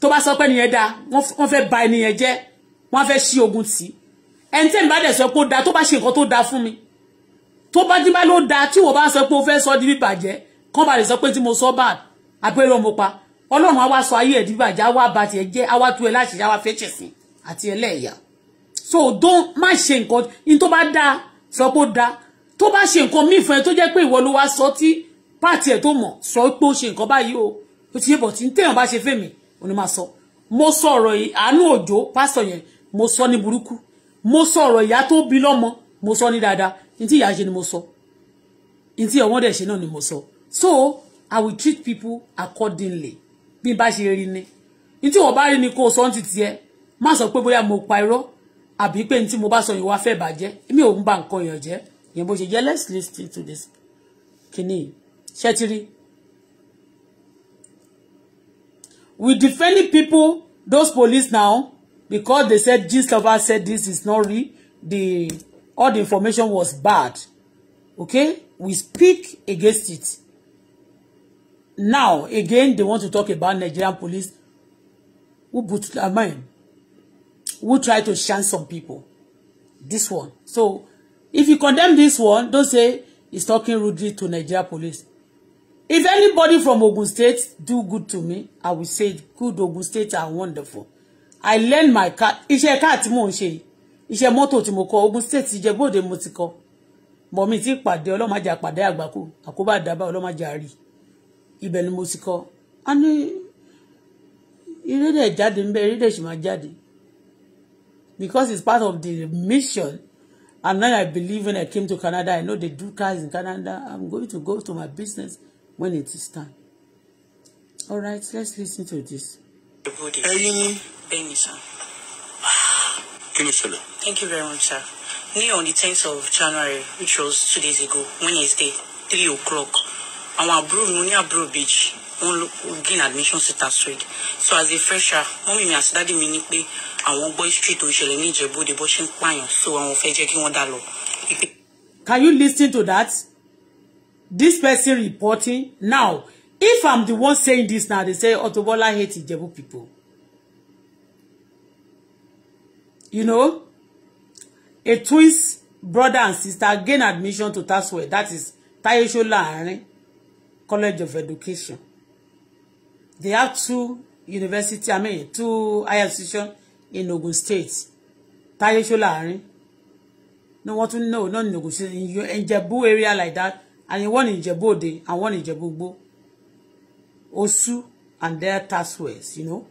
Tó bá sọ pé nìyẹn dá, wọ́n fẹ́ ni ẹnìyẹn jẹ́, wọ́n fẹ́ ṣí ogun tì. Ẹni tẹ́mi bá dẹ̀ sọ pé ó da, tó bá ṣe nǹkan tó da fún mi. Tó bá dín bá ló da, tí wọ́n bá sọ pé ó fẹ́ sọ di bíbàjẹ́, kán bá lè sọ pé mo sọ bad, àpérò mo pa ọlọ́run á wá sọ ayé ẹ̀ dìbàjẹ́ á wá ba tiẹ̀ jẹ́ á wá tú ẹ láṣìṣẹ́ á wá fẹ́ àti ẹlẹ́ẹ̀yà so don má ṣe nǹkan ní tó bá dáa sọ pé ó dáa tó bá ṣe nǹkan míì fún ẹ tó jẹ́ pé ìwọ ló wá sọ tí páàtì ẹ̀ tó mọ̀ sọ pé ó ṣe nǹkan báyìí o ó ti ṣe bọ̀ tí téèyàn bá ṣe fèmí ò ní máa sọ mo sọ ọ̀rọ̀ yìí àánú òjò pásítọ̀ yẹn mo sọ ní burúkú mo sọ ọ̀rọ̀ ìyá tó bí lọ́mọ mo sọ ní dáadáa ní tí ìyá ṣe ni mo sọ ní tí ọmọdé ṣe náà ni mo sọ so I will treat people accordingly bí bá ṣe rí ni ní tí bá rí ni kó o sọ ní tiẹ̀ má sọ pé bóyá mo pa irọ́ àbí pé ní tí mo bá sọ ìwà fẹ́ bàjẹ́ èmi ò ń ba nǹkan èèyàn jẹ́ ìyẹn bó ṣe jẹ́ let's listen to this kìíní ṣẹ́tírí. we defending people those police now because they said this lover said this is not real the all the information was bad okay we speak against it now again they want to talk about Nigerian police who put their mind? who try to shun some people this one so if you condemn this one don't say he's talking rudely to Nigeria police if anybody from Ogun State do good to me I will say good Ogun State are wonderful I learn my car iṣẹ́ car tí mò ń ṣe iṣẹ́ mọ́tò tí mo kọ Ogun State Ìjẹ̀bú Òde mo ti kọ mọ̀mí ti pàdé ọlọ́màjà pàdé àgbákò àkóbá àdábà ọlọ́màjà rí i ibẹ̀ ni mo ti kọ́ a ní ìrédè jáde ń bẹ ìrédè sì máa jáde because it's part of the mission and now I believe when I came to Canada I know they do cars in Canada I'm going to go to my business when it is time all right let's listen to this. ẹyin ni. bẹ́ẹ̀ni sá. kí ni ṣẹlẹ̀. thank you very much sir. ní on the tenth of January which was two days ago Wednesday three o'clock àwọn àbúrò mi ní àbúrò bèjì wọ́n ló gain admission sí taswed so as a fresher mọ́mí mi àti mi ní pé àwọn gbọ́ history tó ṣẹlẹ̀ ní ìjẹ́bóde bó ṣe ń pààyàn so àwọn fẹ́ jẹ́ kí wọ́n dá lọ. Can you listen to that? This person reporting now if I'm the one saying this now they say Otobola Bola hate Ijebu people. You know, a twins brother and sister gain admission to taswed that is Taye Shola Arin College of Education. They have two university, I mean, two higher institution in Ogun State. Taye Solarin. No, what to know, not in Ogun State, in, in Jebu area like that, and one in Jebu Ode, and one in Jebu Gbo. Osu and their task ways, you know.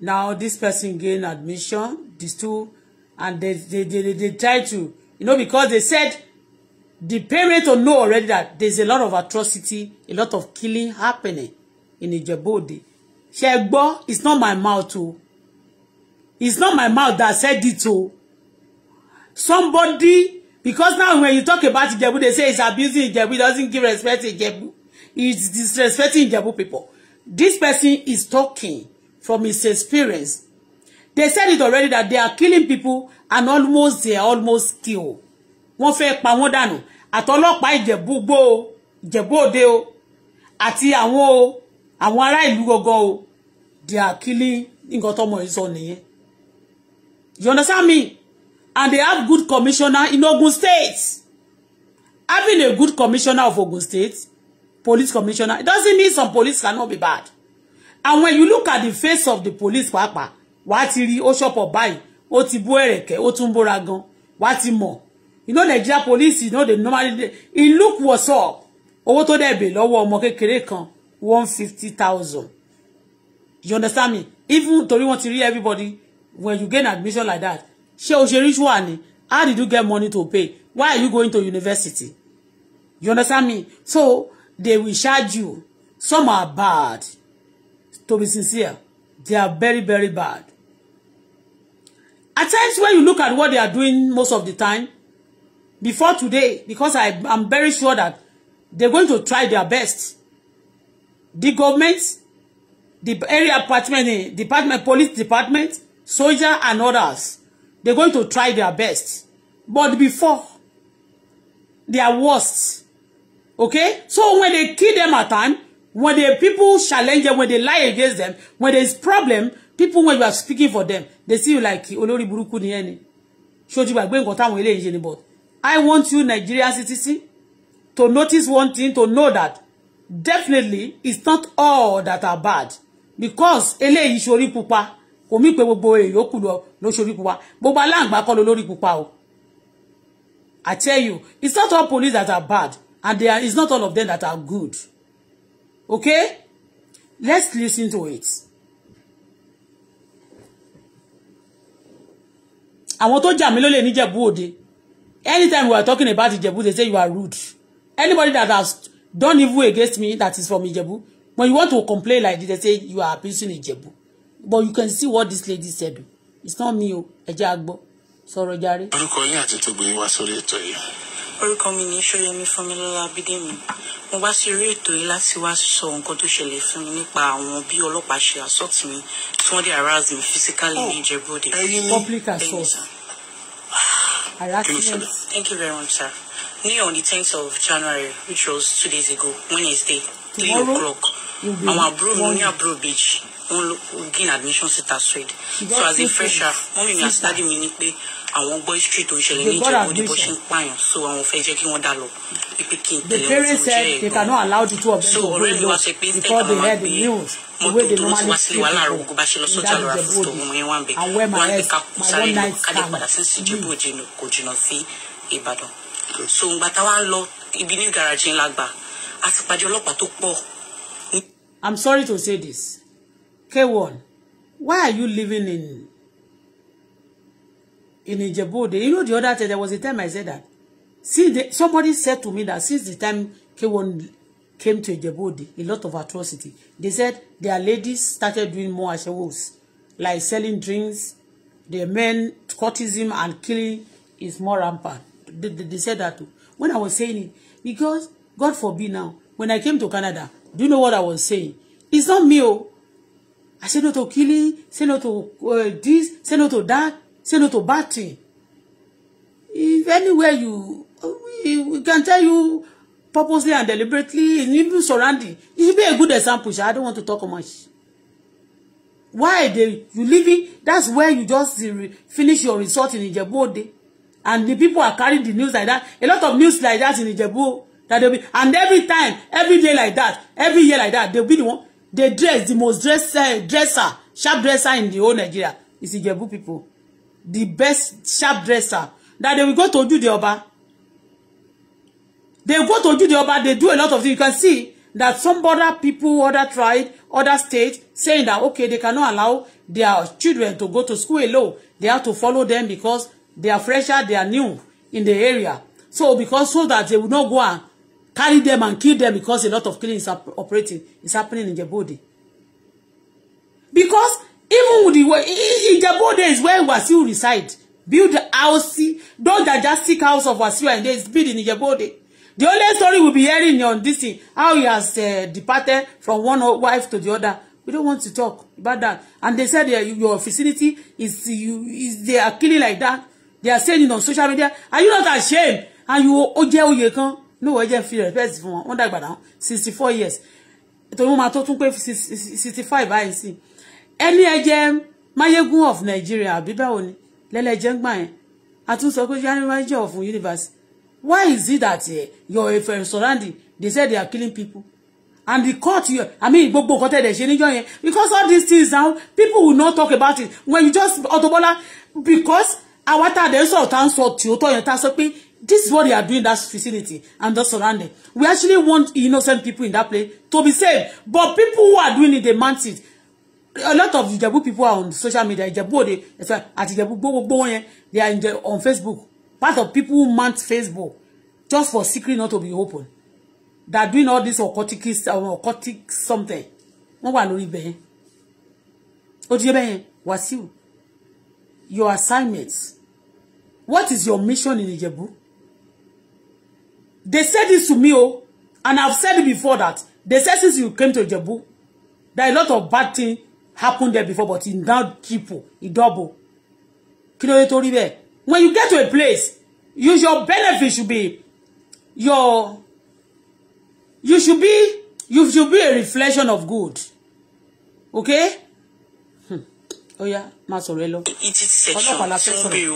Now this person gain admission, these two, and they, they, they, they, they try to, you know, because they said the parents will know already that there's a lot of atrocity, a lot of killing happening in Ijebu-Ode. Ṣé it's not my mouth o. It's not my mouth that said it o. Somebody, because now when you talk about Ijebu, they say it's abusing Ijebu, it doesn't give respect to Ijebu. It's disrespecting Ijebu people. This person is talking from his experience. They said it already that they are killing people and almost they are almost killed. Wọ́n fẹ́ pa wọ́n àtọlọ́pàá ìjẹ̀búgbò ìjẹ̀bú òde o àti àwọn o àwọn ará ìlú gọgọ o they are killing nǹkan tọmọ yìí nìyẹn you understand me and they have good commissioner in Ogun State having a good commissioner of Ogun State police commissioner it doesn't mean some police cannot be bad and when you look at the face of the police pàápàá wàá ti rí ó ṣọ̀pọ̀ báyìí ó ti bú ẹ̀rẹ̀kẹ́ ó tún bóra gan wàá ti mọ̀ you know Nigeria police you know they normally they, he look what's up owó tó dẹ̀ bè lọ́wọ́ ọmọ kékeré kan one fifty thousand you understand me even Tori wọ́n ti rí everybody when you gain admission like that she o ṣe ritual ni how did you get money to pay why are you going to university you understand me so they will charge you some are bad to be sincere they are very very bad at times when you look at what they are doing most of the time before today because I am very sure that they're going to try their best. The government, the area department, eh, department, police department, soldier and others, they're going to try their best. But before, they are worst. Okay? So when they kill them at time, when the people challenge them, when they lie against them, when there is problem, people when you are speaking for them, they see you like, Olori Buruku ni ẹni. Ṣó ti gbàgbé nǹkan táwọn eléyìí ṣe ni but I want you, Nigerian citizen, to notice one thing, to know that definitely it's not all that are bad. Because eléyìí ṣorí pupa, komi mí pé gbogbo èyókù lọ ló pupa. Gbogbo aláǹgbá kọ́ ló lórí pupa o. I tell you, it's not all police that are bad, and there is not all of them that are good. Okay? Let's listen to it. Àwọn tó jà mí lólè níjẹ̀bú òde anytime we are talking about Ijebu they say you are rude anybody that has done evil against me that is from Ijebu when you want to complain like this they say you are abusing Ijebu but you can see what this lady said it's not me o oh. ẹ jẹ́ àgbọ̀ sọ̀rọ̀ jàre. orúkọ yín oh, public assault. Thank you very much, sir. Me on the tenth of January, which was two days ago, Wednesday, three o'clock, I'm àwọn àbúrò mi ní àbúrò Beach. wọ́n gain admission sí TASUED. So as a fresher, mọ́mí mi àti minute day àwọn gbọ́ history tó ń ṣẹlẹ̀ ní ìjẹ̀bú ní bó ṣe ń pààyàn so àwọn fẹ́ jẹ́ kí wọ́n dá lọ pípé kí n tẹ̀lé wọn tó jẹ́ ẹ̀gbọ́n so ọ̀rẹ́ mi wá sọ pé instead àwọn máa gbé mọ́tò tó ló ti wá sí wàhálà rẹ̀ ogun bá ṣe lọ sọ́jà lọ́ra fún tòun yẹn wá ń bẹ̀ wọ́n á gbé ká kú sáré lọ ká padà sí ìjẹ̀bú hmm. kò jìnnà sí Ìbàdàn so ìgbà táwa ń lọ ibi ní garaji ńlá gbà a ti pàdé ọlọ́pàá tó pọ̀. I'm sorry to say this K1 why are you living in in Ijebode. You know the other day there was a time I said that. See, the, somebody said to me that since the time K1 came to Ijebode, a lot of atrocity. They said their ladies started doing more ashewos, like selling drinks. Their men, courtism and killing is more rampant. They, they, they said that too. When I was saying it, because God forbid now, when I came to Canada, do you know what I was saying? It's not me. Oh. I said no to killing, say no to uh, this, say no to that. Say no to bad thing. If anywhere you, we, we can tell you purposely and deliberately in even surrounding. It should be a good example. I don't want to talk much. Why they you living? That's where you just finish your resort in Ijebu-Ode. And the people are carrying the news like that. A lot of news like that in Ijebu. That they'll be, and every time, every day like that, every year like that, they'll be the one. They dress the most dress, dresser, sharp dresser in the whole Nigeria. It's Ijebu people the best sharp dresser that they will go to do the Oba. They go to do the Oba, they do a lot of things. You can see that some other people, other tribe, other state, saying that, okay, they cannot allow their children to go to school alone. They have to follow them because they are fresher, they are new in the area. So because so that they will not go and carry them and kill them because a lot of killing is operating, is happening in Djibouti. Because Even with the way Ijebu Ode is where Wasiu reside. Build the house, those that just sick house of Wasiu and they build in Ijebu Ode. The only story we'll be hearing on this thing, how he has uh, departed from one wife to the other. We don't want to talk about that. And they said uh, your facility is, you, is they are killing like that. They are saying it on social media. Are you not ashamed? And you Oje jẹ́ oyè kan. No, I just feel respect fún wọn. Wọ́n dàgbà down. 64 years. Torí wọ́n máa tó tún pé 65 báyìí sí ẹni ẹjẹ Mayegun of Nigeria àbí báwo ni lẹ́lẹ́jẹ́ ń gbà yẹn a tún sọ pé general manager of universe why is it that eh, your uh, surrounding they say they are killing people and the court you i mean gbogbo nǹkan tẹ̀lé ṣe níjọ́ yẹn because all these things now people will not talk about it when you just Auto because àwa tá a dẹ̀ ń sọ̀rọ̀ tá a ń sọ tìótọ́ yẹn tá a sọ pé this is what they are doing that facility and that surrounding we actually want innocent people in that place to be safe, but people who are doing it they want it a lot of Ìjẹ̀bú people are on social media Ìjẹ̀bú Òde at Ìjẹ̀bú gbogbo wọn yẹn they are in the, on Facebook part of people who mount Facebook just for secret not to be open they doing all this occultic uh, occultic something wọ́n wà lórí ibẹ̀ yẹn ó ti yẹ bẹ́ẹ̀ yẹn Wàsíù your assignment what is your mission in Ìjẹ̀bú they said this to me oh and I've said it before that they said since you came to Ìjẹ̀bú there are a lot of bad things happened there before but it now triple it double kí ló dé torí bẹ́ẹ̀ when you get to a place you your benefit should be your you should be you should be a reflection of good okay Oh hmm. yeah, sọ̀rọ̀ ẹ lọ. ọlọ́pàá la fẹ́ sọ̀rọ̀.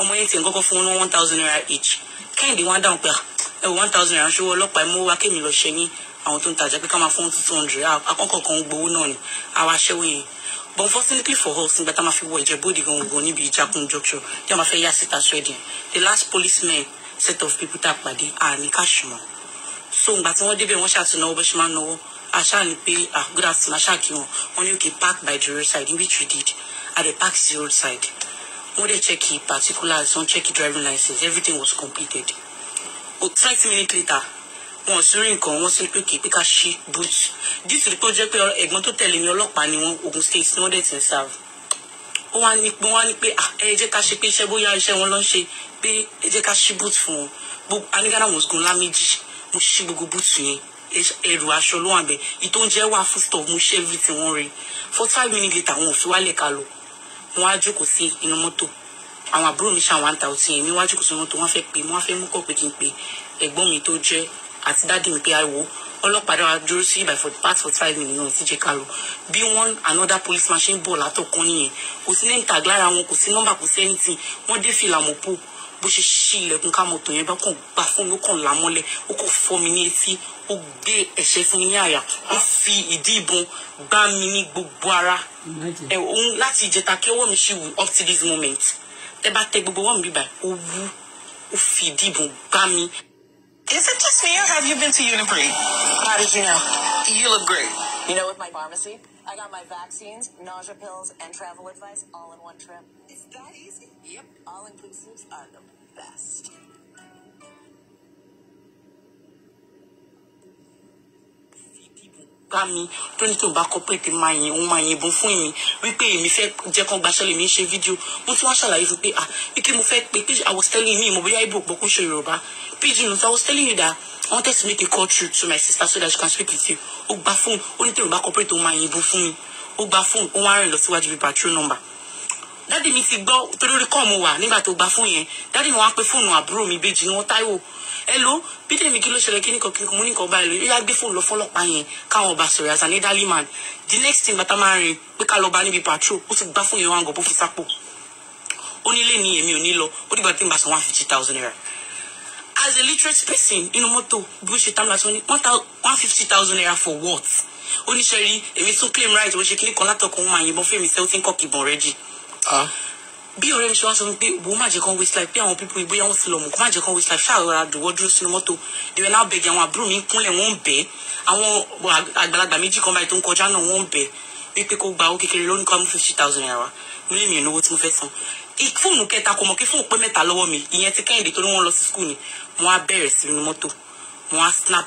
ọmọ yẹn ti ń kọ́kọ́ one thousand naira each kẹ́hìndé wọn dáhùn pé ah, one thousand naira ṣòwò ọlọ́pàá ẹ̀ mú wa kémi lọ ṣẹ́yìn àwọn tó ń tajà pé ká máa fún two hundred akọ́kọ̀ kan gbowó náà ni àwa aṣẹ́wó yẹn but unfortunately for us nígbà tá a máa fi wọ ìjẹ́bódì gangan níbi ìjákun junction tí a máa fẹ́ yá síta sweden the last policeman set of people tá a pàdé àní káṣù mọ́ so ìgbà tí wọ́n débẹ̀ wọ́n ṣàtúnáwó bó ṣe máa ń náwó aṣáà ni pé ah good afternoon aṣáà kí wọn wọn ní okay park by the roadside which we did at the park the roadside wọ́n dẹ̀ check particulars wọ́n check driving license everything was completed. Oh, thirty minutes later wọn sì rí nǹkan wọn sì pé kì í pé ká ṣí búùtù díìtì tó jẹ́ pé ẹ̀gbọ́n tó tẹ̀lé mi ọlọ́pàá ni wọn Ogun State ni wọ́n dẹ̀ ti ń sáàbù ó wá ní pé wọ́n á ní pé ah, ẹ jẹ́ ká ṣe pé iṣẹ́ bóyá iṣẹ́ wọn ló ń ṣe pé ẹ jẹ́ ká ṣí búùtù fún wọn gbogbo anigana wọn gun lá méjì mo ṣí gbogbo búùtù yẹn ẹrù aṣọ ló wà bẹ́ẹ̀ ìtò oúnjẹ wà fún stọ̀ mo ṣe everything wọn rí for five minutes later wọn ò fi wálẹ̀ ká lọ wọn á jókòó sí inú mọ́tò àwọn àbúrò mi ṣàwọn àǹtà ọtí yẹn mi wá jókòó sí inú wọn fẹ́ pè mo wá mú kọ́ pé kí n pè ẹ̀gbọ́n mi tó jẹ́ àti dáàdì mi pé ariwo ọlọ́pàá dára dúró sí ibà for the past forty five minutes náà tíjẹ́ ká lọ bí one another police machine ń bọ̀ látọ̀kan nìyẹn kò sí name tag lára wọn kò sí nọ́mbà kò sí anything wọ́n dé fìlà mọ́ pò bó ṣe ṣí ilẹ̀kùn ká mọ̀tò yẹn bá kàn gbà fún mi ó kàn là mọ́lẹ̀ ó kàn fọ́ mi ní etí ó gbé ẹ̀ṣẹ́ fún mi ní àyà ó fi ìdí ìbọn gbá mi ní gbogbo ara ẹ̀ òun láti ìjẹta kí ọwọ́ mi ṣì wù up to this moment tẹ́ bá tẹ gbogbo ọwọ́ mi bíbá ó wú ó fi ìdí ìbọn gbá mi. Is it just me or have you been to Uniprix? How did you know? You look great. You know, with my pharmacy, I got my vaccines, nausea pills, and travel advice all in one trip. Is that easy? Yep. All inclusives are the best. bá mi tó ní tó bá kọ pé ètè máa yìn òun máa yìnbọn fún èmi wípé èmi fẹ́ jẹ́ kán gbaṣẹ́ lèmi ń ṣe fídíò mo tún wá ṣàlàyé fún pé ah wípé mo fẹ́ pé pé I was telling mi mo bóyá ibo òpó kún ṣe Yorùbá pidgin i was telling you that i wanted to make a call through to my sister so that she can speak with you ó gba phone ó ní tèmi bá corporate ó máa yìnbọn fún mi ó gba phone ó wá rìn lọ síwájú number dáàdì mi ti gbọ́ torí orí kọ́ọ̀mù wà Never to gba fóònù yẹn dáàdì mi phone no, bro. Me mi ìbejì ni wọ́n táìwò ẹ ló bídèmí kí ló ṣẹlẹ̀ kí nìkan kíkan mú nìkan báyìí lóyún yá gbé fóònù lọ fọlọ́pàá as an elderly man the next thing bàtà máa rìn We ká lọ bá níbi patrol ó ti gba fóònù yẹn wá ń gọ̀ bó fi sápò ó nílé ni èmi ò ní lọ ó dìgbà tí mo bá one fifty thousand naira as a literate person inú mọ́tò bó ṣe tá láti ní one fifty thousand naira for what oníṣẹ́rí èmi tún claim right wọ́n ṣe kíní kan látọkùn wọn àyìnbọn fún èmi sẹ́wọ́n tí ń kọ́ kìbọn rẹ jì. Ah. bí ọ̀rẹ́ mi ṣe wá sọ pé wò ó má jẹ́ kán waste life bí àwọn pípọ̀ ìgbóyà wọn ti lọ mọ̀ kó má jẹ́ kán waste life ṣáà rọra dùwọ́ dúró sínú mọ́tò ìrẹ̀ náà bẹ̀gẹ̀ àwọn àbúrò mi ń kúnlẹ̀ wọ́n ń bẹ̀ àwọn àgbàlagbà méjì kan báyìí tó ń kọjá náà wọ́n ń bẹ̀ wọ́n á bẹ̀rẹ̀ sínú mọ́tò wọ́n á snap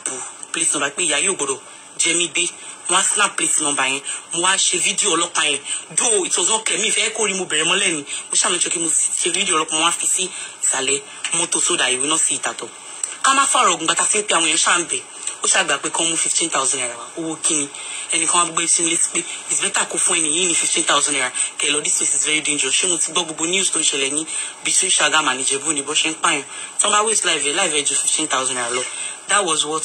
plate number pé ìyá yóò gbọ́dọ̀ jẹ mí gbé wọ́n á snap plate number yẹn mo wá ṣe fídíò ọlọ́pàá yẹn dó ìtọ́sọ́ kẹ̀mí ìfẹ́ kó rí mo bẹ̀rẹ̀ mọ́lẹ̀ ni mo ṣàmì jẹ́ kí mo ṣe fídíò ọlọ́pàá wọn á fi sí ìsàlẹ̀ mọ́tò sódà ìwé náà sí ìtàtọ̀ ká má fàrọ̀ ògùn gbàtà sí pé àwọn èèyàn ṣàǹbẹ̀ ó ṣàgbà pé kán mú fifteen thousand naira wá owó kíni ẹnìkan wá gbé sí létí pé it's better kó fún ẹni yìí ní fifteen thousand naira kẹlẹ this place is very dangerous ṣé mo ti gbọ́ gbogbo news tó ń ṣẹlẹ̀ ní between Ṣàgámù and Ìjẹ̀bú ni bó ṣe ń pààyàn tí wọ́n bá waste life ẹ̀ life ẹ̀ ju fifteen thousand naira lọ that was what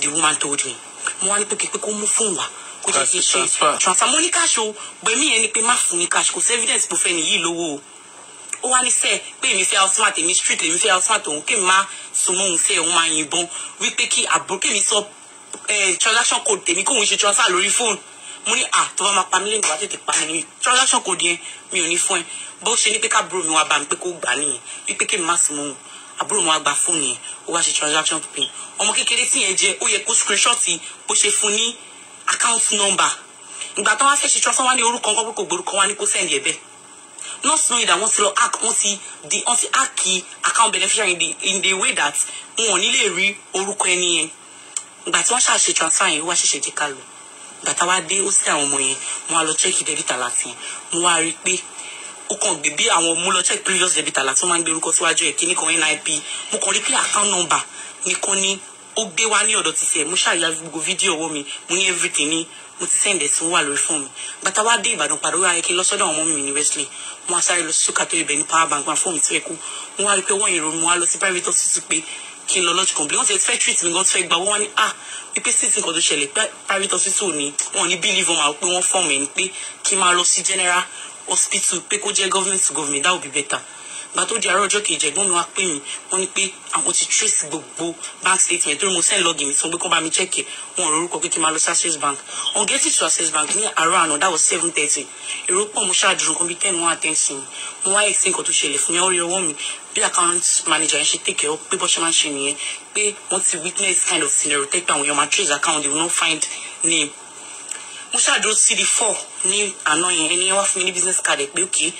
the woman told me mo wá ní pé pé kó mú fóun wá kó jẹ́ kí n ṣe transfer mo ní cash o gbẹ̀mí yẹn ni pé má fún ní cash kò sí evidence pé fẹ́ nìyí lówó o ó wá ní sẹ́ pé èmi fẹ́ outsmart èmi street èmi fẹ́ outsmart òun kémi má sunmọ́ òun sẹ́ òun máa yìnbọn wípé kí àbúrò kémi sọ transaction code tèmi kóun ṣe transfer lórí fóònù mo ní à tó bá máa pa mí lẹ́nu wá tètè pa mí ní transaction code yẹn mi ò ní fún ẹ bó ṣe ní pé káàbúrò mi wá bá mi pé kó gbà nìyẹn wípé kémi má sunmọ́ òun àbúrò wọn àgbà fóònù yẹn ó wá ṣe transaction pin ọmọ kékeré tí yẹn jẹ ó yẹ kó send yẹn bẹ́ẹ̀ not knowing that wọ́n ti act, hack wọ́n ti di act ti hack account beneficiary in the in the way that wọn ò ní lè rí orúkọ ẹni yẹn ìgbà tí wọ́n ṣàṣe transfer yẹn wá ṣẹ̀ṣẹ̀ jẹ́ ká lọ ìgbà táwa dé ó sí àwọn ọmọ yẹn mo wá lọ check debit alert yẹn mo wá rí i pé ó kàn gbé bí àwọn mo lọ check previous debit alert wọ́n máa ń gbé orúkọ síwájú ẹ̀ kan NIP mo kàn rí pé account number nìkan ni ó gbé wá ní ọ̀dọ̀ tìṣẹ̀ mo ṣàyà gbogbo fídíò ọwọ́ mi mo ní everything ní mo ti sẹ́ǹdẹ̀ tí wọ́n wà lórí fóònù mi bàtà wá dé ìbàdàn padà wíwá ayẹkẹ lọ́sọ́dọ̀ àwọn ọmọ mi ní Wesley mo wá sáré lọ sí ṣúkà tó ibẹ̀ ní power bank máa fóònù tilẹ̀ kú mo wá rí pé wọ́n ìrònú mo wá lọ sí private hospital pé kí n lọ lọ́jọ́ kan bí wọ́n ti fẹ́ treat mi gan ti fẹ́ gba wọ́n wá ní ah wípé sísìn kan tó ṣẹlẹ̀ private hospital ni wọ́n ní believe wọn àwọn pé wọ́n fọ́ọ̀mù ẹni pé kí n máa lọ sí general hospital pé kó jẹ́ government to government that would be better gba tó di àárọ̀ ọjọ́ kejì ẹ̀gbọ́n mi wá pè mí wọ́n ní pé àwọn ti trace gbogbo bank statement torí mo send login mi sọ pé kó bá mi check ẹ̀ wọn ò rorúkọ pé kí n máa lọ sí access bank on getting to access bank ní àárọ̀ àná that was seven thirty èrò pọ̀ mo ṣáàdúró kan bíi ten one ten sí mo wá èsì nǹkan tó ṣẹlẹ̀ fún mi ó rí ọwọ́ mi bí account manager yẹn ṣe take ẹ̀ pé bó ṣe máa ń ṣe nìyẹn pé wọ́n ti witness kind of scenario tẹ́ pé àwọn èèyàn account they will not find name mo ṣáàdúró sí the four ní àná yẹn ẹni yẹn wá fún mi ní business card ẹ̀ pé okay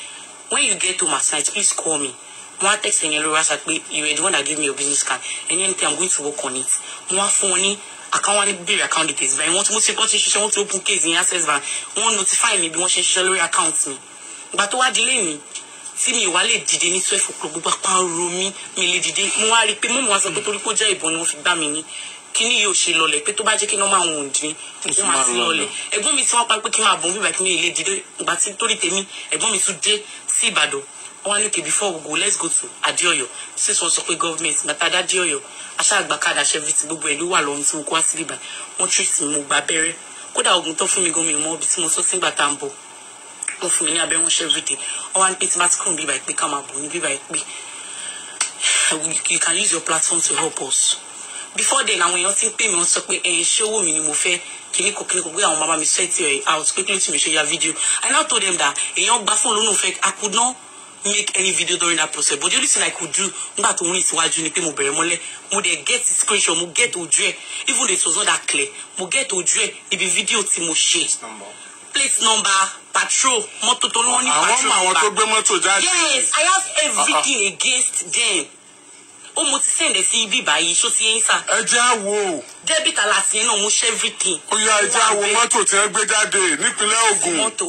when you get to at night please call me mo wá text ẹ̀yẹn lórí wáṣà pé you were the one that gave me your business card ẹ̀yẹn anything, i'm going to work on it mo wá I can't ní to be ní bèrè account details báyìí wọ́n ti mo ti wọ́n ti ṣiṣẹ́ wọ́n open case in your access bank wọ́n notify mi bí wọ́n ṣe ṣiṣẹ́ lórí account mi ìgbà tó wá di lẹ́yìn tí mi wá lè dìde ní twelve o'clock gbogbo apá ń Me mí mi lè dìde mo wá rí i pé mo wá sọ pé torí kó jẹ́ ìbọn ni wọ́n fi gbá mi ní kíní yóò ṣe lọlẹ̀ pé tó bá jẹ́ kí nọ́mà wọn ò dín ó máa mi tí wọ́n pa pé kí n máa bọ̀ bíbá kí mi lè dìde ìgbà tí torí tèmi mi tún dé sí ìbàdàn wọn ní kì before we go let's go to Adioyo. since wọn sọ pé government gbàtàdá adéọyọ aṣáàgbàkadà ṣẹfìtì gbogbo ẹ ló wà lọ́run tí mo kó wá sí ìbàdàn wọn treat mi mo gba abẹ́rẹ́ kódà oògùn tó fún mi gan mi mọ ibi tí mo sọ sígbà tá à ń bọ̀ wọn fún mi ní abẹ́rẹ́ wọn ṣe everyday wọn wá ní pé tí bá ti kúrò bíbá ìpè ká máa bọ̀ ní bíbá ìpè you can use your platform to help us before then àwọn èèyàn ti ń pè mí wọ́n sọ pé ẹ̀yin ṣówó mi ni mo fẹ́ kìíní kò kìíní kò pé àwọn bàbá mi set it out pé kílódé tí mi ya video I now told them that èèyàn gba fóònù lónìí fẹ́ I could not make any video during that process but the only thing I could do nígbà tó ń rìn síwájú ni pé mo bẹ̀rẹ̀ mọ́lẹ̀ mo dẹ̀ get screenshot mo get ojú ẹ̀ even though it was not that clear mo get ojú ẹ̀ níbi video tí mo ṣe plate number patrol mọ́tò tó lọ́wọ́ ní patrol number yes I have everything uh-uh. against them ó mo ti sèǹdẹ̀ sí ibi báyìí ṣó ti yẹn ẹ jẹ́ àwo. debit alert yẹn náà mo ṣe everything. ó yá ẹ jẹ́ àwo mọ́tò tí wọ́n gbé jáde nípínlẹ̀ Ògùn. mọ́tò.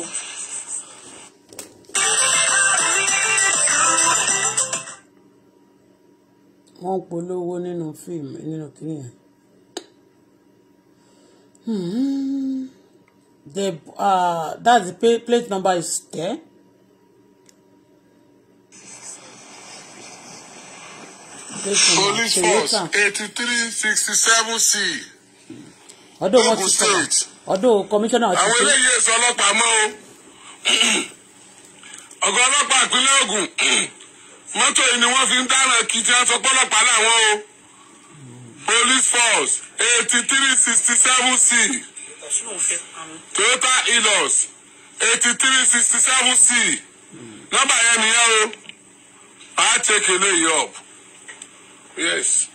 wọ́n polówó nínú fíìmù nínú kìnìún yẹn. hmm The uh, ah, that's the plate number is there. police force eighty three sixty seven c ọdún wọn ti sọ̀rọ̀ ọdún kọmíṣánná ti sọ. àwọn eléyìí èso ọlọ́pàá mọ́ o ọ̀gá ọlọ́pàá ìpínlẹ̀ Ògùn mọ́tò yìí ni wọ́n fi ń dáná kí tí wọ́n sọ pé ọlọ́pàá làwọn o police force eighty three sixty seven c Toyota Hilux eighty three sixty seven c nọ́mbà yẹn nìyẹn o i take a lay up yes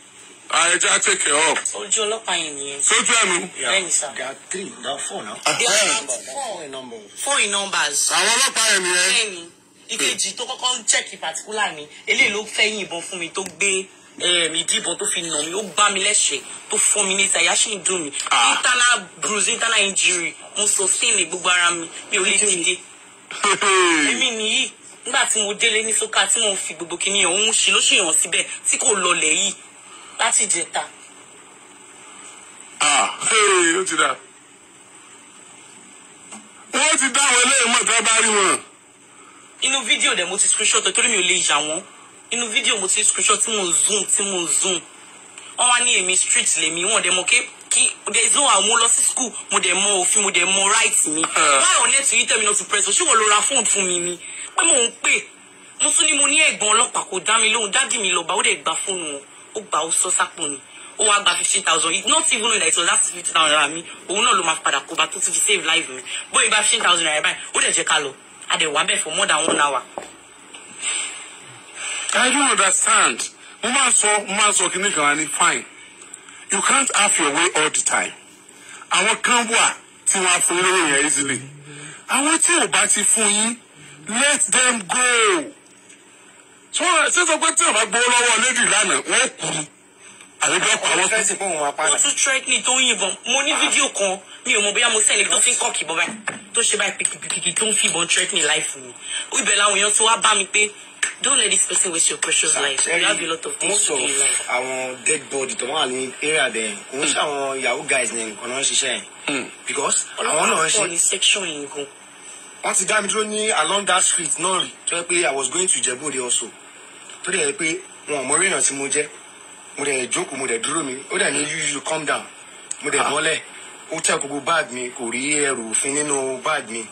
I ah, just take care of. ojú ọlọ́pàá yẹn nìyẹn. sójú ẹnu. bẹ́ẹ̀ni sá. there are three there are four now. Ah, there are four numbers. four in numbers. àwọn ọlọ́pàá yẹn nìyẹn. bẹ́ẹ̀ni ìkejì tó kọ́kọ́ ń check particular ni eléyìí ló fẹ́ yìnbọn fún mi tó gbé ìdìbọn tó fi nà mí ó gbá mi lẹ́sẹ̀ tó fọ́ mi ní ìsàyà ṣì ń dùn mí ah. internal bruise internal injury mo sustain gbogbo ara mi mi ò lè dìde èmi nìyí nígbà tí mo délé ní sókà tí mo fi gbogbo kìíní ọ̀hún ń ṣe lóṣù yàn síbẹ̀ tí kò lọlẹ̀ yìí láti jẹta. Ah, ó ti dà wọ́n ti dá àwọn eléyìí mọ̀ tá a bá rí wọn. inú fídíò dẹ̀ mo ti screenshot torí mi ò lè yà wọ́n inú fídíò mo ti screenshot tí mo zoom tí mo zoom wọ́n wá ní èmi street lèmi wọ́n dẹ̀ mọ̀ ké kí there is no how mo lọ sí school mo dẹ̀ mọ̀ òfin mo dẹ̀ mọ̀ right mi. why on earth you tell me not to press o ṣé wọ́n lo ra phone fún mi ni pé mò ń pè mo tún ní mo ní ẹ̀gbọ́n ọlọ́pàá kò dá mi lóhùn dádì mi lọ́ba ó dẹ̀ gba fóònù wọn ó gbà ó sọ sápò ni ó wá gba fifteen thousand not even know that it was thousand naira mi òun náà ló máa padà kó ba tó ti fi save life mi bóyá gba fifteen thousand naira báyìí ó dẹ̀ jẹ́ ká lọ a dẹ̀ wà bẹ́ẹ̀ for more than one hour. I don't understand mo máa sọ mo máa sọ kìnnìkan kan ni fine you can't have your way all the time àwọn kan wà tí wọ́n á fún lórí yẹn easily àwọn tí ò bá ti fún yín let them go. tí wọ́n ṣe sọ pé tí ọba gbowó lọ́wọ́ lẹ́dí lánàá wọ́n kú àlejò ọkọ̀ àwọn fẹ́ẹ́ sì pé òun apá náà. wọ́n tún tírẹ́tìnì tó ń yìnbọn mo ní fídíò kan mi ò mọ bóyá mo sẹ́ni tó fi ń kọ́ọ̀kì bọ́ báyìí tó ṣe báyìí pìkìpìkì tó ń fìbọn tírẹ́tìnì láìfù mi ibẹ̀ làwọn èèyàn ti wá bá mi pé don't let this person waste your precious life you have a lot of things to do in life. àwọn dead body tó wà ní area bẹ́ẹ̀ kò ń ṣe hmm. àwọn yahoo guys ní ọ̀nà ṣiṣẹ́ hmm. because àwọn náà ń ṣe wọ́n ti dá mi dúró ní along that street náà rí tó yẹ pé i was going to Ìjẹ̀bú-Òde also tó dẹ̀ yẹ pé wọn ò mọ orí èèyàn tí mo jẹ́ mo dẹ̀ jókòó mo dẹ̀ dúró mi ó dẹ̀ ní you you calm down mo dẹ̀ bọ́lẹ̀ ó tẹ̀ gbogbo bag mi kò rí ẹrù òfin nínú bag mi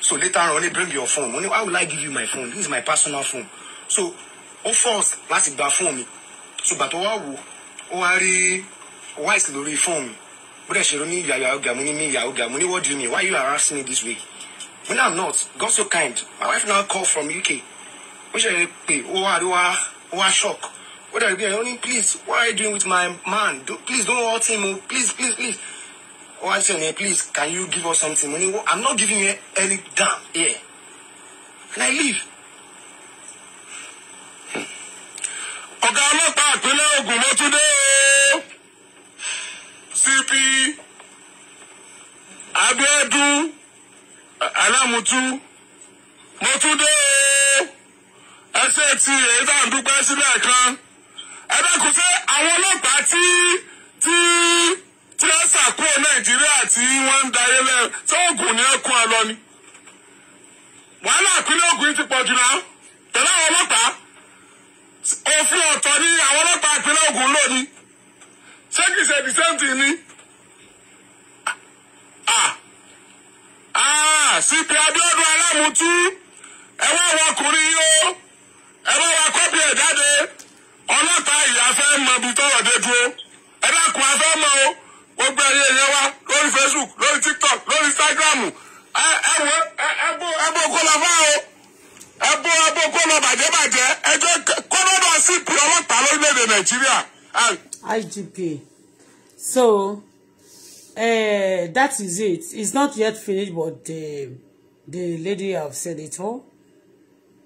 so later on they bring your phone mo ní why would I give you my phone this is my personal phone so ó force láti gba phone mi so gbà tó wá wò ó wá rí white lórí phone mi bó dẹ̀ ṣe ló ní ìyá ìyá ọgà mo ní mi ìyá ọgà mo ní what do why you harass me this way when i'm not god so kind my wife now call from uk ó ṣe pé ó wá ó wá shock What dàbí ẹ ó ní please what are you doing with my man Do, please don't hurt him oh. please please please ó I ṣe ní please can you give us something money? i'm not giving you any damn here yeah. and i leave. ọ̀gá ọlọ́pàá ìpínlẹ̀ Ògùn ló tún dé o CP Abíọ́dún. alámùtú mo tún dé ẹsẹ̀ tí èyí tá à ń dúpẹ́ sílẹ̀ kan ẹ̀dẹ́kùn sí àwọn ọlọ́pàá tí tí tí ẹ sàkó nàìjíríà tí wọn ń darí lẹ́ tí oògùn ní ẹkún ni wàhálà ìpínlẹ̀ Ògùn ti pọ̀ jù náà pẹ̀lú àwọn ọlọ́pàá òfin ọtọ ni àwọn ọlọ́pàá ìpínlẹ̀ Ògùn lò ní ṣé kìí ṣe the same thing ni. Ah, Ah, CP Abiodun Alamutu ẹ wá wọn ọkùnrin yìí o ẹwọ bá wa kọ́bí ọlọta jáde ọlọ́pàá yìí a fẹ́ mọ o gbogbo ẹ̀yẹ ẹ̀yẹ wa lórí Facebook lórí TikTok lórí Instagram ẹ ẹ o ọlọta so. uh, that is it it's not yet finished but the the lady have said it all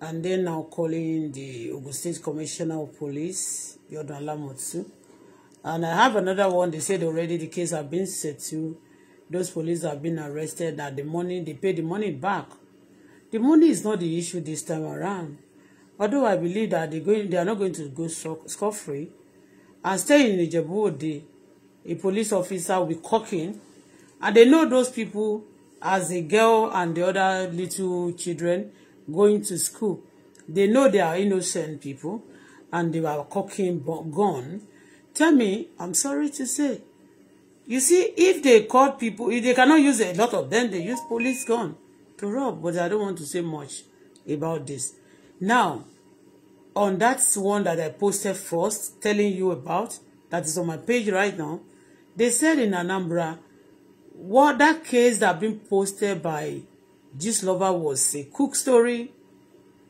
and then now calling the Ogun State Commissioner of Police Yordan Lamotsu and I have another one they said already the case have been set to, those police have been arrested that the money they pay the money back the money is not the issue this time around although I believe that they going they are not going to go scot-free and stay in Ijebu Ode a police officer will be cooking and they know those people as a girl and the other little children going to school they know they are innocent people and they were cocking but gun tell me i'm sorry to say you see if they caught people if they cannot use a lot of them they use police gun to rob but i don't want to say much about this now on that one that i posted first telling you about that is on my page right now They said in Anambra, what that case that been posted by this lover was a cook story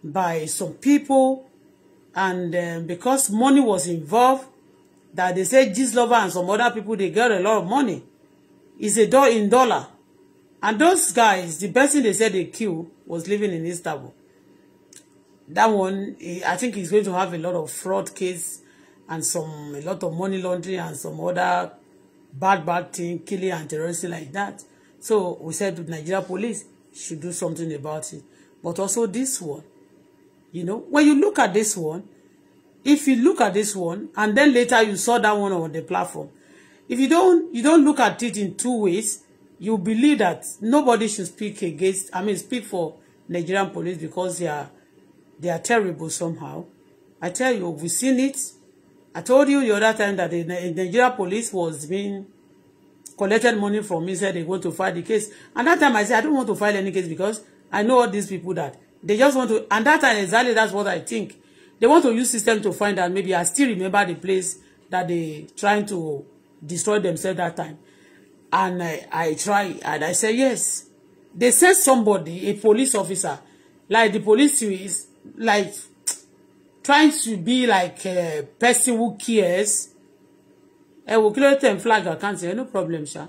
by some people and um, because money was involved that they said this lover and some other people they got a lot of money is a dollar in dollar and those guys the person they said they killed was living in Istanbul that one I think he's going to have a lot of fraud case and some a lot of money laundering and some other bad, bad thing, killing and terrorism like that. So we said the Nigeria police should do something about it. But also this one, you know, when you look at this one, if you look at this one, and then later you saw that one on the platform, if you don't you don't look at it in two ways, you believe that nobody should speak against, I mean, speak for Nigerian police because they are they are terrible somehow. I tell you, we've seen it. I told you the other time that the Nigeria police was being collected money from me, said they want to file the case. And that time I said, I don't want to file any case because I know all these people that they just want to, and that time exactly that's what I think. They want to use system to find out maybe I still remember the place that they trying to destroy themselves that time. And I, I try and I say yes. They sent somebody, a police officer, like the police is like trying to be like a uh, person who cares ẹ wò kí ló tẹ̀ ń flag àkáǹtì ẹ no problem ṣá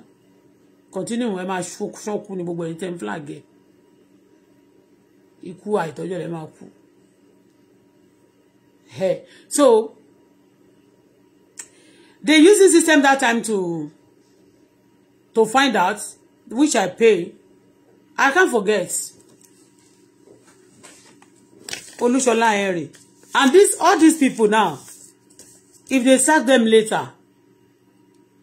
continue ẹ máa ṣọkú ní gbogbo ẹni tẹ̀ ń flag ẹ ikú àìtọ́jọ́ rẹ̀ máa kú so they use using system that time to to find out which I pay I can't forget Olúṣọlá ẹ̀rìn. And this, all these people now, if they sack them later,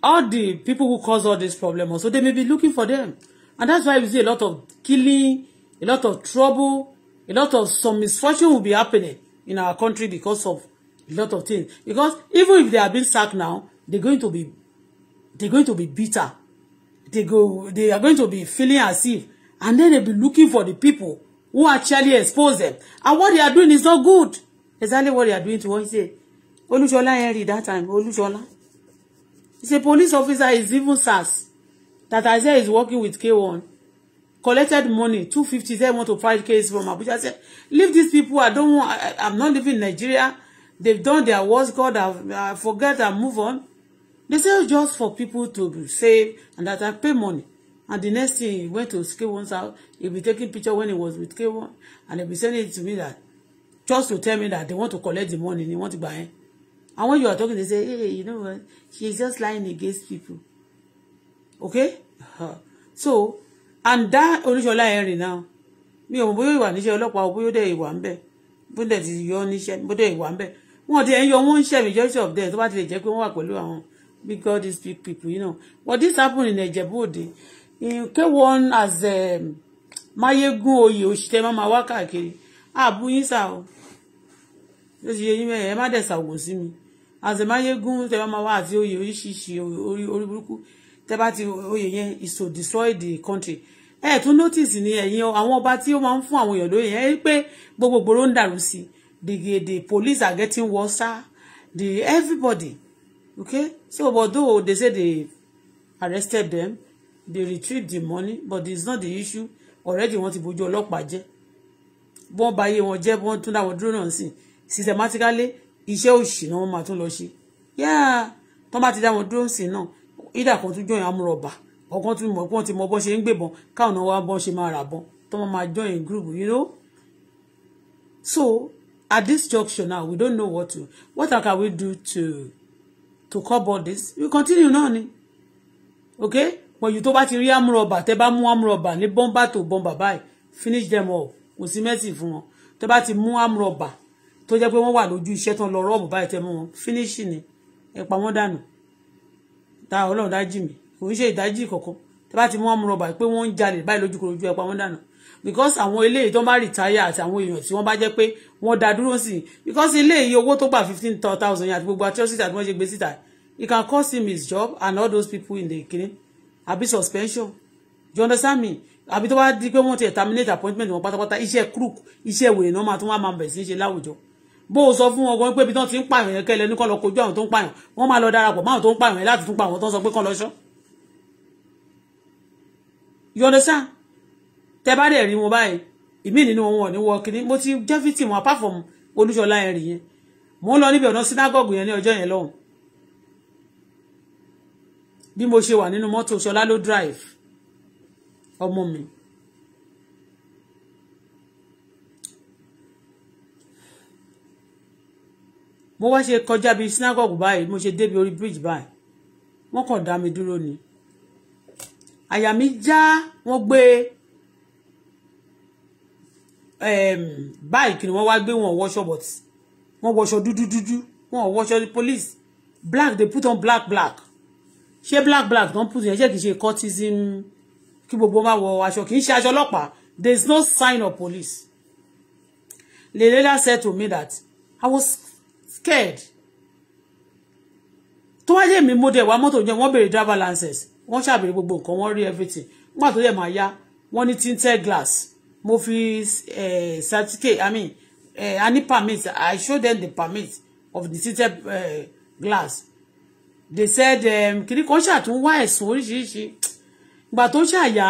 all the people who cause all this problem also, they may be looking for them. And that's why we see a lot of killing, a lot of trouble, a lot of some misfortune will be happening in our country because of a lot of things. Because even if they are being sacked now, they're going to be they're going to be bitter. They go they are going to be feeling as if and then they'll be looking for the people who actually expose them. And what they are doing is not good. Exactly what they are doing to what He said, Olushola Henry that time, Olushola. He's a police officer, is even SAS, that I said is working with K1. Collected money, 250, said want to fight case from Abuja. I said, leave these people, I don't want, I, I'm not leaving Nigeria. They've done their worst, God, I, I forget, I move on. They say just for people to be safe and that I pay money. And the next thing, he went to K1's house, he'll be taking picture when he was with K1, and he'll be sending it to me that just to tell me that they want to collect the money they want to buy it. And when you are talking, they say, hey, you know what? She's just lying against people. Okay? Uh-huh. So, and that Olúṣọlá Erin now, me ò mọ̀ bóyá ìwà níṣẹ́ ọlọ́pàá o bóyá dẹ̀ ìwà ń bẹ̀ bóyá dẹ̀ ti yọ níṣẹ́ bóyá dẹ̀ ìwà ń bẹ̀ wọn ti ẹ̀ ń yọ wọn ń ṣẹ̀ majority of them tó bá ti lè jẹ́ big people you know what this happened in Ẹ̀jẹ̀bú-Òde in K1 as um, Máyégún oyè òṣìṣẹ́ máa wá káàkiri àbúyín sá o ló ti yẹ yín mẹ́rin ẹ má dẹ̀ ṣàwò sí mi àzẹ̀máyégún tẹ́ bá máa wá àti oyè oríṣiríṣi orí burúkú tẹ́ bá ti oyè yẹn ìṣò destroy the country ẹ tún notice ni ẹ̀yin àwọn ọba tí ó máa ń fún àwọn èèyàn lóyè yẹn pé gbogbo gbòòrò ń dàrú sí the the police are getting worse the everybody okay so but though they say they arrested them they retrieved the money but it's not the issue already wọ́n ti bójú ọlọ́pàá jẹ́ bọ́n ba ayé wọn jẹ́ bọ́n tún dáwọn dúró náà sìn systematically iṣẹ́ òṣì náà wọ́n máa tún lọ ṣe yáà tó bá ti dá wọn dúró sí náà ìdá kan tún jọyìn amúrọ̀bà ọ̀kan tún mọ̀ pọ́n ti mọ bọ́n ṣe ń gbébọn káwọn náà wá bọ́n ṣe máa rà bọ́n tó wọ́n máa join group you know so at this junction now we don't know what to what can we do to to cover this we continue náà ni okay pọ̀jù tó bá ti rí amúrọ̀bà tẹ́ bá mú amúrọ̀bà ní bọ́ńbà tó bọ́ńbà báyìí finish them up kò sí mẹ́sì fún wọn tẹ́ bá ti mú amúrọ̀bà tó jẹ́ pé wọ́n wà lójú iṣẹ́ tán lọ rọ́ọ̀bù báyìí tẹ́ mú wọn fínísì ni ẹ pa wọ́n dànù ta ọlọ́run dájì mi kò ń ṣe ìdájì kọ̀ọ̀kan tẹ́ bá ti mú wọn rọ̀bà pé wọ́n ń jalè báyìí lójú korojú ẹ pa wọ́n dànù because àwọn eléyìí tó bá rìtáyà àti àwọn èèyàn tí wọ́n bá jẹ́ pé wọ́n dá dúró sí i because eléyìí owó tó gbà fifteen thousand yẹn àti gbogbo atrocity àti wọ́n ṣe gbé it can cost him his job and all those people in the clinic àbí suspension you understand me àbí tó bá di pé wọ́n ti terminate appointment wọn pátápátá iṣẹ́ crook iṣẹ́ wèrè náà máa tún wá máa bẹ̀rẹ̀ sí í ṣe láwùjọ bó o sọ fún wọn gan pé ibi tán ti ń pààyàn yẹn kẹlẹ ní kọ́ lọ kojú àwọn tó ń pààyàn wọ́n máa lọ darapọ̀ máwọn tó ń pààyàn láti tún pa àwọn tó ń sọ pé kọ́ lọ ṣọ́ yọ̀nẹ́sà tẹ bá dẹ̀ rí wọn báyìí ìmí nínú wọn ní wọ kiri mo ti jẹ́ fìtì wọn apart from olúṣọlá yẹn mò ń lọ níbi ọ̀nà sínágọ́gù yẹn ní ọjọ́ yẹn lọ́hùn bí mo ṣe wà nínú mọ́tò ṣọlá ló drive ọmọ mi mo wá ṣe kọjá bíi synagogue báyìí mo ṣe débi orí bridge báyìí wọ́n kàn dá mi dúró ni àyà mi já wọ́n gbé báyìí kìnnìún wọ́n wá gbé wọn wọṣọ but wọ́n wọṣọ dúdú dúdú wọṣọ police black they put on black black ṣé black black don put yẹn ṣé kìí ṣe cultism kí gbogbo máa wọ aṣọ kìí ṣe aṣọ ọlọ́pàá there is no sign of police the leader said to me that I was scared tó wáyé mi mo dẹ̀ wá mọ́tò jẹ́ wọ́n béèrè driver license wọ́n ṣàbẹ̀rẹ̀ gbogbo nǹkan wọ́n rí everything nígbà tó yẹ máa yá wọ́n ní tinted glass mo fi eh, certificate i mean uh, eh, any permit i show them the permit of the tinted uh, glass they said kìnnì kan ṣàtún wá ẹ̀sùn oríṣiríṣi ìgbà tó ṣàyà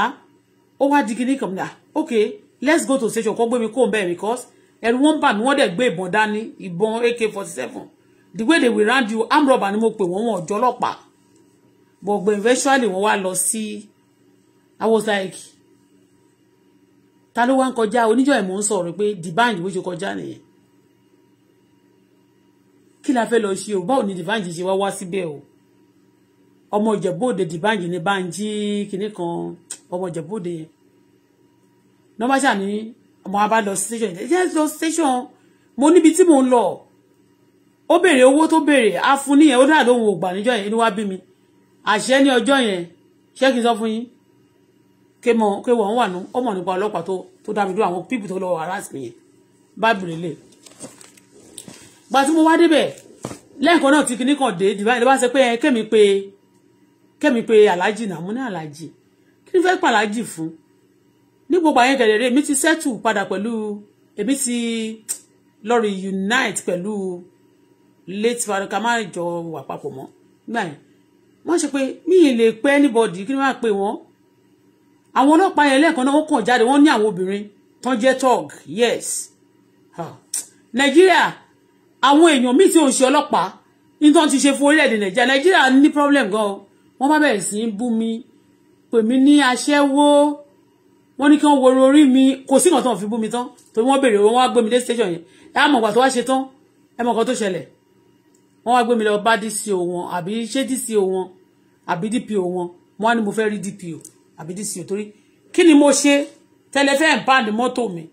ó wá di kìnnì kan náà ah, okay let's go to station kó gbé mi kó bẹ́ẹ̀ because ẹ̀rù wọn bà mí wọ́n dẹ̀ gbé ìbọn dání ìbọn ak forty seven the way they will round you armed robber ni mo pè wọ́n wọn ọ̀jọ́ ọlọ́pàá but but eventually wọ́n wá lọ sí i was like ta ló wá ń kọjá oníjọ́ ẹ̀ mò ń sọ̀rọ̀ pé divine ìwé ṣe kọjá nìyẹn kí la fẹ́ lọ ṣe o báwo ni divine ṣe wá wá síbẹ̀ o ọmọ ìjẹ̀bóde divine ní bá ń jí kinní kan ọmọ ìjẹ̀bóde yẹn nọ́mbà ṣáà ọmọ wa bá lọ station jẹ́ lọ station mo níbi tí mò ń lọ ó béèrè owó tó béèrè á fún níyẹn ó dáa lóhun ògbà níjọ́ yẹn inú wá bí mi àṣẹ ní ọjọ́ yẹn ṣé kí n sọ fún yín ké mọ ké wọ́n wà nù ọmọ nípa ọlọ́pàá tó tó dá mi dúró àwọn pípù tó lọ harass mi yẹn báàbùrì lè gbà tí mo wá débẹ̀ lẹ́ẹ̀kan náà ti kíní kan dé dìbà ìlú bá ṣe pé kẹ́mi pé kẹ́mi pé aláàjì náà mo ní aláàjì kí ni fẹ́ pàlájì fún ní gbogbo àyẹn gẹ̀rẹ̀rẹ̀ èmi ti settle padà pẹ̀lú èmi ti lọ reunite pẹ̀lú late farika má jọ wà papọ̀ mọ́ nígbà yẹn wọ́n ṣe pé mi ì lè pẹ́ anybody kí ni wọ́n á pè wọ́n àwọn ọlọ́pàá yẹn lẹ́ẹ̀kan náà wọ́n kàn jáde wọ́n ní àwọn obìnrin tán jẹ́ tog yes nàìjíríà àwọn èèyàn míì tí ò ń ṣe ọlọ́pàá nítorí ti ṣe fún orílẹ̀-èdè nàìjíríà nàìjíríà ní problem gan-an wọ́n bá bẹ̀rẹ̀ sí í bú mi pè mí ní aṣẹ́wó wọ́n ní kí wọ́n woro orí mi kò sí nǹkan tó fi bú mi tán torí wọ́n béèrè wọn wá gbé mi dé station yẹn ẹ á mọ̀ gbà tó wá ṣe tán ẹ mọ̀ kan tó ṣẹlẹ̀ wọ́n wá gbé mi lọ bá DCO wọn àbí ṣé DCO wọn àbí DPO wọn wọ́n á ní mo fẹ́ rí DPO àbí DCO torí kí ni mo ṣe tẹlẹfẹ́ band mọ́tò mi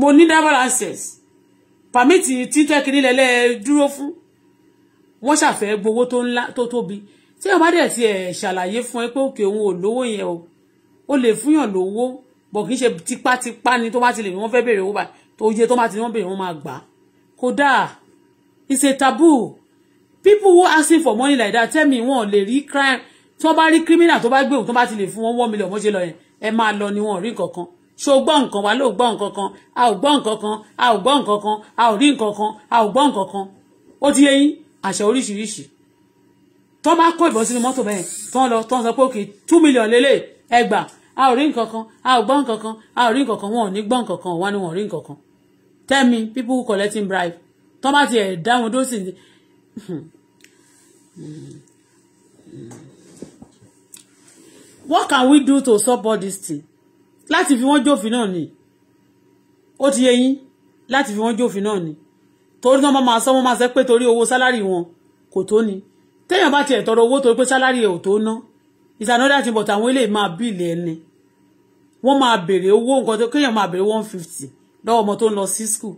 mo ní double access pàmìtì títẹ́ kiri lẹ́lẹ́ dúró fún wọ́n ṣàfẹ́ gbowó tó ńlá tó tóbi tí ọba dẹ̀ ti ẹ̀ ṣàlàyé fún ẹ pé òkè òun ò lówó yẹn o ó lè fúnyàn lówó bọ̀ kì í ṣe tipátipá ni tó bá ti lè ní wọ́n fẹ́ béèrè owó báyìí tó yẹ tó bá ti ní wọ́n béèrè wọ́n máa gbà á kódà it's a taboo people who asking for money like that tell me wọn lè rí crime tí wọ́n bá rí criminal tó bá gbé òun tó bá ti lè fún wọn one million mọ́ṣẹ́ lọ yẹn ẹ máa lọ ni wọn rí nǹkan kan ṣó gbọ́ nǹkan wa ló gbọ́ nǹkan kan a ò gbọ́ nǹkan kan a ò gbọ́ nǹkan kan a ò rí nǹkan kan a ò gbọ́ nǹkan kan ó ti yé yín àṣà oríṣiríṣi tó bá kó ìbọn sínú mọ́tò bẹ́ẹ̀ tó ń lọ tó ń sọ pé òkè two million lélẹ̀ ẹ gbà a ò rí nǹkan kan a ò gbọ́ nǹkan kan a ò rí nǹkan kan wọn ò ní gbọ́ nǹkan wọn ni wọn ò rí nǹkan tell me people collecting bribe tọ́ bá ti ẹ̀ dáhùn tó sì what can we do to stop all this thing láti fi wọ́n jófin náà ni ó ti yé yín láti fi wọ́n jófin náà ni torí náà máa sọ wọ́n máa sẹ́ pé torí owó sálárì wọn kò tó ni téèyàn bá tiẹ̀ tọrọ owó torí pé sálárì ẹ̀ ò tó ná it's another thing but àwọn eléyìí máa bíìlì ẹni wọ́n máa béèrè owó nǹkan tó kéèyàn máa béèrè one fifty lọ́wọ́ ọmọ tó ń lọ sí school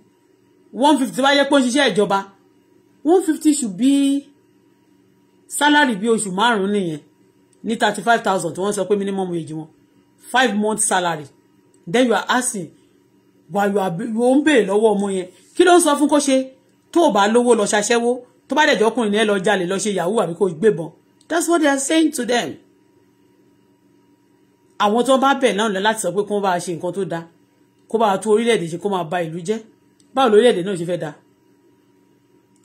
one fifty bá yẹ pé ó ń ṣiṣẹ́ ìjọba one fifty should be salary bí oṣù márùn-ún nìyẹn ní thirty five thousand tí wọ́n sọ pé minimum wage wọn five month salary then you are asking wà you ń béèrè lọ́wọ́ ọmọ yẹn kí ló ń sọ fún kó ṣe tó o bá lówó lọ ṣaṣẹ́wó tó bá dẹ̀jọ́ ọkùnrin ní ẹ lọ jalè lọ ṣe yahoo àbí kó gbébọn that's what they are saying to them àwọn tó bá bẹ̀ náà lọ láti sọ pé kó bá ṣe nǹkan tó dáa kó bá tó orílẹ̀-èdè ṣe kó máa ba ìlú jẹ́ báwo lórílẹ̀-èdè náà ṣe fẹ́ dáa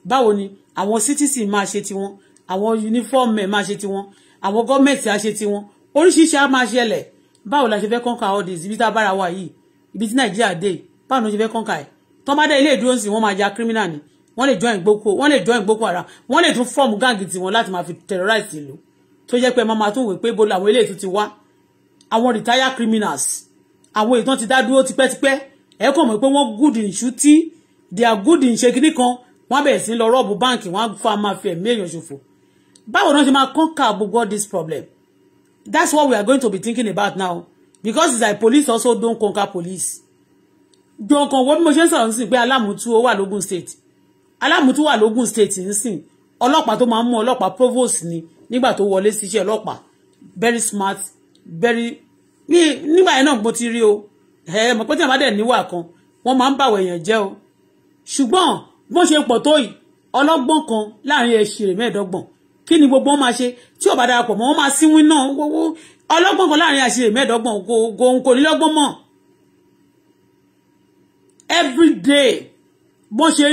báwo ni àwọn citizen máa ṣe tiwọn àwọn uniform ẹ̀ máa ṣe tiwọn àwọn gọ́ọ̀mẹ̀ntì á ṣe tiwọn oríṣiríṣi á máa ṣẹlẹ̀ báwo la ṣe fẹ́ kọ́ńkà all this ibi tá a bára wa yìí ibi tí nàìjíríà dé báwo ni wọ́n ṣe fẹ́ kọ́ńkà ẹ̀ tọ́mádé ilé ìdúró sí wọ́n máa ja criminal ni wọ́n lè join gboko wọ́n lè join gboko ara wọ́n lè tún fọ́ọ̀mù gáàgì tiwọn láti máa fi terrorize ìlú tó jẹ́ pé máa tún wò pé bó làwọn ilé ètò ti wá àwọn retired criminals àwọn ìtàn ti dá dúró tipẹ́tipẹ́ ẹ kàn mọ̀ pé wọ́n good in ṣútí they are good in ṣe kinní kan wọ́n bẹ̀rẹ̀ sí lọ rọ́ọ̀bù báǹkì wọ́n á fa máa fi ẹ̀mí èèyàn ṣòfò báwo náà ṣe máa conquer gbogbo this problem that's what we are going to be thinking about now because it's like police also don conquer police jọ̀ọ́ kan wọ́n bí mo ṣe ń sọ̀rọ̀ nísìn pé alámùtú ó wà lógùn state alámùtú wà lógùn state nísìn ọlọ́pàá tó máa ń mú ọlọ́pàá provost ni nígbà tó wọlé síṣẹ́ ọlọ́pàá very smart very ní nígbà yẹn náà mo ti rí o ẹ mọ̀ pé tí a níwà kan wọ́n máa ń bàwọ̀ èèyàn jẹ́ o ṣùgbọ́n bó ṣe pọ̀ tó yìí ọlọ́gbọ́n kan láàrin ẹ̀ṣẹ̀rẹ̀ mẹ́ẹ̀ẹ́dọ́gbọ̀n kí ni gbogbo wọn máa ṣe tí ò bá darapọ̀ mọ́ wọn máa síwín náà gbogbo ọlọ́gbọ́n kan láàrin ẹ̀ṣẹ̀rẹ̀ mẹ́ẹ̀ẹ́dọ́gbọ̀n kò kò ní lọ́gbọ́n mọ́ everyday bó ṣe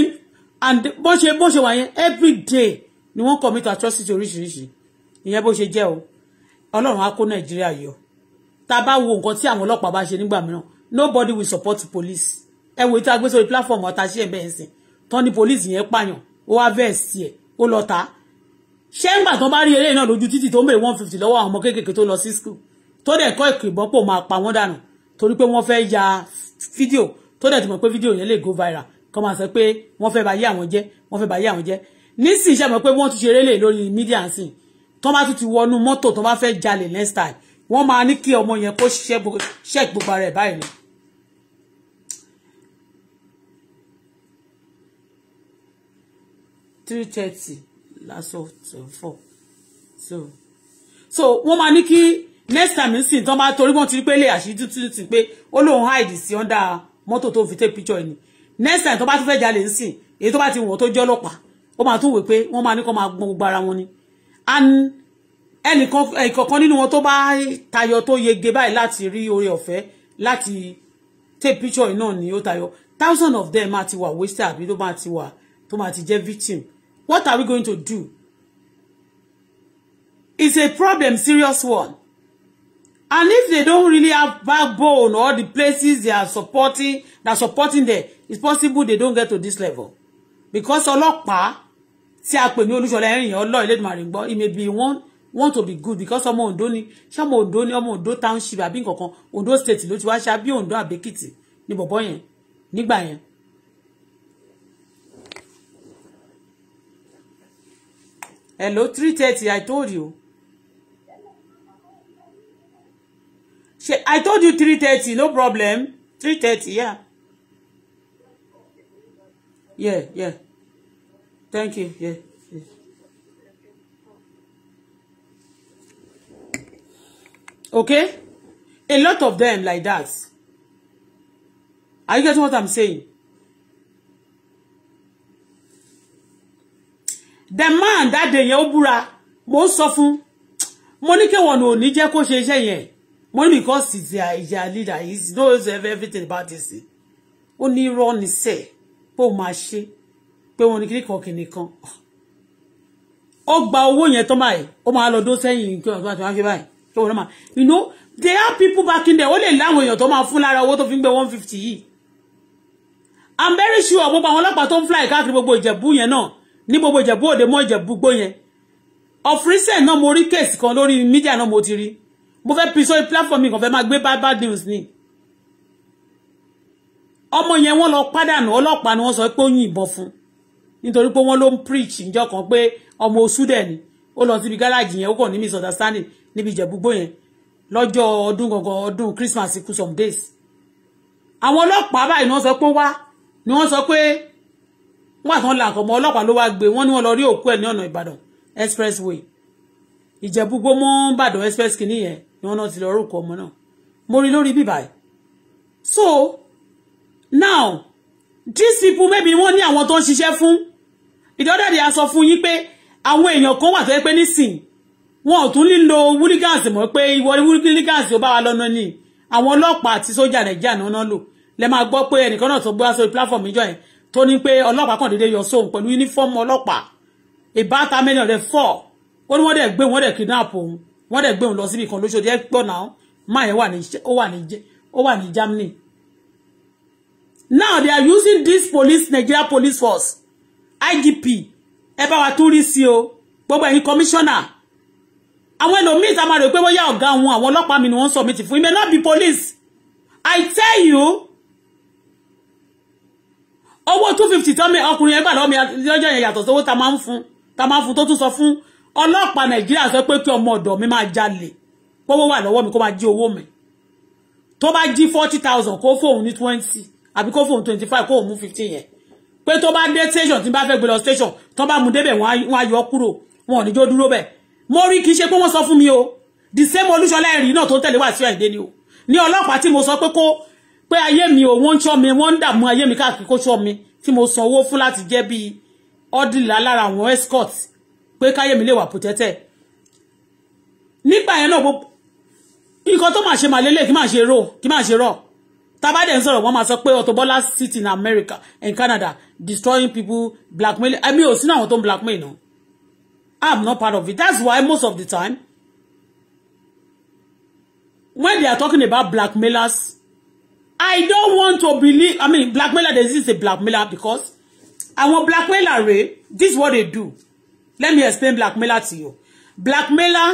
and bó ṣe bó ṣe wà yẹn everyday ni wọ́n commit atrocity oríṣiríṣi ìyẹn bó ṣe jẹ́ o ọlọ́run á kó nàìjíríà yọ tá a bá wo nǹkan tí àwọn ọlọ́pàá bá ṣe nígbà mìíràn nobody will support police ẹ wo ìta gbé sórí platform àtàṣe ẹ̀bẹ̀ ẹ̀sìn tán ni police yẹn pààyàn ó wá vẹ́ẹ̀sì ẹ̀ ó lọ ta ṣé ńgbà tán bá rí eré náà lójú títì tó ń bèrè one fifty lọ́wọ́ àwọn ọmọ kéékèèké tó lọ sí school tó dẹ̀ kọ́ ìkìbọn pò máa pa wọ́n dànù torí pé wọ́n fẹ́ ya fídíò tó dẹ̀ ti mọ̀ pé fídíò yẹn lè go viral kọ́ máa sọ pé wọ́n fẹ́ bà yé àwọn jẹ́ wọ́n fẹ́ bà yé àwọn jẹ́ nísìnyí ṣàmọ̀ pé wọ́n tún ṣe eré lè lórí mídíà nsìn tó bá tún ti wọnú mọ́tò tó bá fẹ́ jalè next time wọ́n máa ní kí ọmọ yẹn kó ṣiṣẹ́ gbogbo ara ẹ̀ báyìí three thirty lásán twenty four so so wọ́n máa ní kí next time nsìn tán bá torí wọ́n ti rí pé lè àṣírí tuntun ti pé ó lóun hide sí under mọ́tò tó fi take picture ni next time tó bá tún fẹ́ jalè nsìn èyí tó bá ti wọ̀n tó jẹ́ ọlọ́pàá ó máa tún wè pé wọ́n máa ní kó máa gbogbo ara wọn ni and ẹnìkan ẹ̀kọ̀kan nínú wọn tó bá tayọ tó yege báyìí láti rí oore ọ̀fẹ́ láti take picture náà ni ó tayọ thousand of them máa ti wà wasted àbí tó máa ti wà tó máa ti jẹ́ victim what are we going to do it's a problem serious one and if they don't really have backbone or the places they are supporting that supporting them, it's possible they don't get to this level because ọlọ́pàá tí a pè ní olúṣọlá ẹ̀rìn ọlọ́ Elédùmarè gbọ́ it may be one want to be good because ọmọ Ondo ni ṣé ọmọ Ondo ni ọmọ Ondo township àbí nkankan Ondo state ló ti wá ṣá bí Ondo àbẹ́kìtì ni bọ̀bọ́ yẹn nígbà yẹn. hello three thirty i told you ṣe i told you three thirty no problem three thirty yeah yeah yeah. Thank you. Yeah. yeah. Okay? A lot of them like that. Are you getting what I'm saying? The man that day yẹn ó búra, mo sọ fún, mo ní kéwọn ò ní jẹ́ kó because he's their, he's their leader, he knows everything about this. Only run irọ́ say, sẹ́ẹ̀, pé ó pé wọn ní kí nìkan kìnì kan ó gba owó yẹn tán báyìí ó máa lọ dó sẹ́yìn kí wọ́n ti wá ṣe báyìí kí wọ́n máa you know there are people back in there ó lè láwọn èèyàn tó máa fún lára owó tó fi ń gbé one fifty yìí i'm very sure gbogbo àwọn ọlọ́pàá tó ń fly káàkiri gbogbo ìjẹ̀bú yẹn náà ní gbogbo ìjẹ̀bú òde mọ́ ìjẹ̀bú gbó yẹn ọ̀fíìsẹ̀ náà mo rí kéèsì kan lórí mídíà náà mo ti rí mo fẹ́ pin sórí platform mi kàn fẹ́ máa gbé bad news ni ọmọ yẹn wọ́n lọ pádànù ọlọ́pàá ni wọ́n sọ pé ó yìnbọn fún nítorí pé wọ́n ló ń preach níjọ́ kan pé ọmọ oṣù dẹ̀ ni ó lọ síbi gáràjì yẹn ó kàn ní misunderstanding níbi ìjẹ̀búgbó yẹn lọ́jọ́ ọdún gangan ọdún Christmas kù some days àwọn ọlọ́pàá báyìí ni wọ́n sọ pé wá ni wọ́n sọ pé wọ́n àtàn là kàn mọ́ ọlọ́pàá ló wá gbé wọ́n ní wọ́n lọ rí òkú ẹ̀ ní ọ̀nà Ìbàdàn expressway ìjẹ̀búgbó mọ́ Ìbàdàn express kìíní yẹn ni wọ́n náà ti lọ orúkọ ọmọ náà mo rí lórí bíbáyìí so now these people maybe wọ́n ní àwọn tó ń ṣiṣẹ́ fún ìdọ́dàdì aṣọ fún yín pé àwọn èèyàn kan wà tó yẹ pé nísìn wọn ò tún nílò wúlígáàs mọ́ pé ìwọ wúlígáàs ó bá wa lọ́nà ni àwọn ọlọ́pàá àti sójà nàìjíríà náà náà lò lẹ máa gbọ́ pé ẹnìkan náà tó gbé aṣọ platform ìjọ yẹn tó ní pé ọlọ́pàá kàn déédéé yọ sóhun pẹ̀lú uniform ọlọ́pàá ìbáta mẹ́rin ọ̀rẹ́ fọ́ ó ní wọ́n dẹ̀ gbé wọ́n dẹ̀ kidnap òun wọ́n dẹ̀ gbé òun lọ síbi kan lóṣòdì ẹ̀ pọ̀ náà máa yẹn wà ní Germany now they are using this police Nigeria police force IGP ẹ bá wa tún rí sí o gbogbo ẹ̀yin commissioner àwọn ẹlòmíín tá a máa rò pé bóyá ọ̀gá wọn àwọn ọlọ́pàá mi ni wọ́n submit fún may not be police I tell you owó two fifty tán mi ọkùnrin ẹgbàá lọ́wọ́ mi lọ́jọ́ yẹn yàtọ̀ sówó tá a máa ń fún tá to máa so fun. tó tún sọ fún ọlọ́pàá Nàìjíríà sọ pé kí ọmọ ọ̀dọ̀ mi máa jalè pọ́wọ́ wà lọ́wọ́ mi kó máa jí owó mi tó bá jí forty thousand kó fóun ní twenty àbí kó fóun twenty five kó o mú fifteen yẹn pé tó bá dé station tí n bá fẹ́ gbé lọ station tó bá mú débẹ̀ wọ́n á yọ kúrò wọn ò ní jó dúró bẹ̀ mo rí kì í ṣe pé wọ́n sọ fún mi o the same olúṣọlá ẹ̀rí náà tó tẹ̀lé wá sí àìdé ni o ní ọlọ́pàá tí mo sọ pé kó pé ayé mi ò wọ́n ń ṣọ́ mi wọ́n ń dààmú ayé mi káàkiri kó ṣọ́ mi tí mo san owó fún láti jẹ́ bíi ọ́dìlá lára àwọn escort pé káyé mi lè wà pòtẹ́tẹ̀ nígbà yẹn náà nǹkan tó máa ṣe màlélẹ̀ kí máa ṣe rò kí máa ṣe rọ̀ tábà dẹ̀ ń sọ̀rọ̀ wọ́n máa sọ pé Auto Bola sit in America and Canada destroying people blackmail I mean ò sínú àwọn tó ń blackmail náà I'm not part of it that's why most of the time when they are talking about blackmailers I don't want to believe I mean blackmailer there is a blackmailer because àwọn blackmailer rèé this is what they do let me explain blackmailer to you blackmailer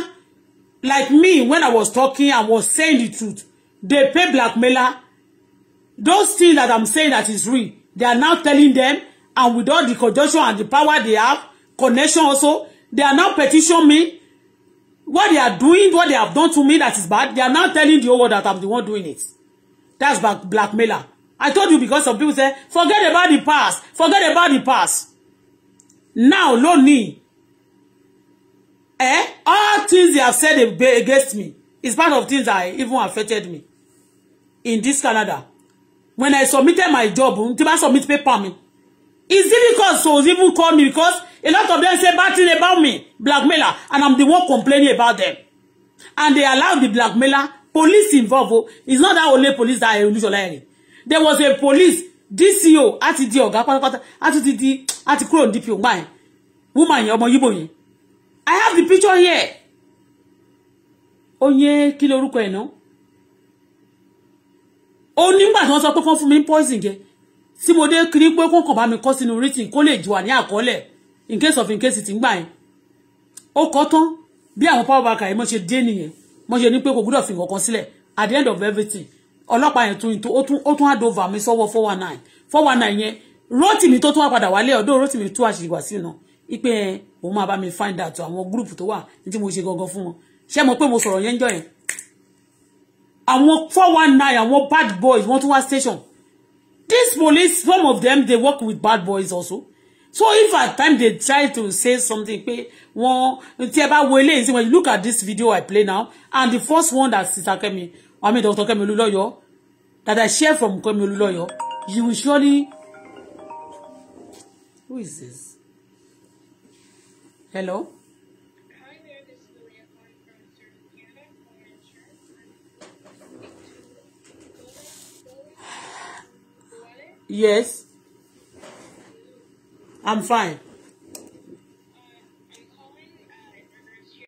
like me when I was talking I was saying the truth they pay blackmailer Those things that I'm saying that is real, they are now telling them, and with all the conjunction and the power they have, connection also, they are now petitioning me. What they are doing, what they have done to me that is bad, they are now telling the whole world that I'm the one doing it. That's black blackmailer. I told you because some people say, forget about the past, forget about the past. Now, lónìí, eh? All things they have said against me is part of things that even affected me in this Canada when I submitted my job, tí bá submit paper me. It's difficult to even call me because a lot of them say bad thing about me, blackmailer, and I'm the one complaining about them. And they allow the blackmailer, police involved. Oh. It's not that only police that I usually. There was a police DCO àti di ọ̀gá pátápátá àti ti di àti kúrò DPO gbà yẹn woman yẹn ọmọ yíbò yẹn I have the picture here. Oye kí lorúkọ ẹ̀ náà? ó nígbà tí wọ́n sọ pé kán fún mi poison jẹ tí mo dé kiri pé kán kàn bá mi kọ sínú written kó lè wà ní àkọọ́lẹ̀ in case of in case ti ń gbà yẹn ó kọ tán bí àwọn power bank yẹn mo ṣe dé nìyẹn mo ṣe ní pé kò gbúdọ̀ fi nǹkan kan sílẹ̀ at the end of everything ọlọ́pàá yẹn tún ó tún hand over mi sọ́wọ́ four one nine four one nine yẹn Rótìmí tó tún wá padà wálé ọ̀dọ̀ Rótìmí tún àṣìwà sí iná ipe òun máa bá mi find out àwọn gúrùpù tó wà ní tí mo ṣe gangan fún wọn ṣé mo pé mo sọ̀rọ̀ yẹn ń jọ yẹn àwọn four one nine àwọn bad boys wọ́n tún wá station This police some of them they work with bad boys also so if at time they try to say something pé wọ́n tí ẹ bá wo eléyìí when you look at this video I play now and the first one that sister Kemi I mean Dr. Kemi Oluloyo that I share from Kemi Oluloyo you will surely who is this hello. Yes. I'm fine.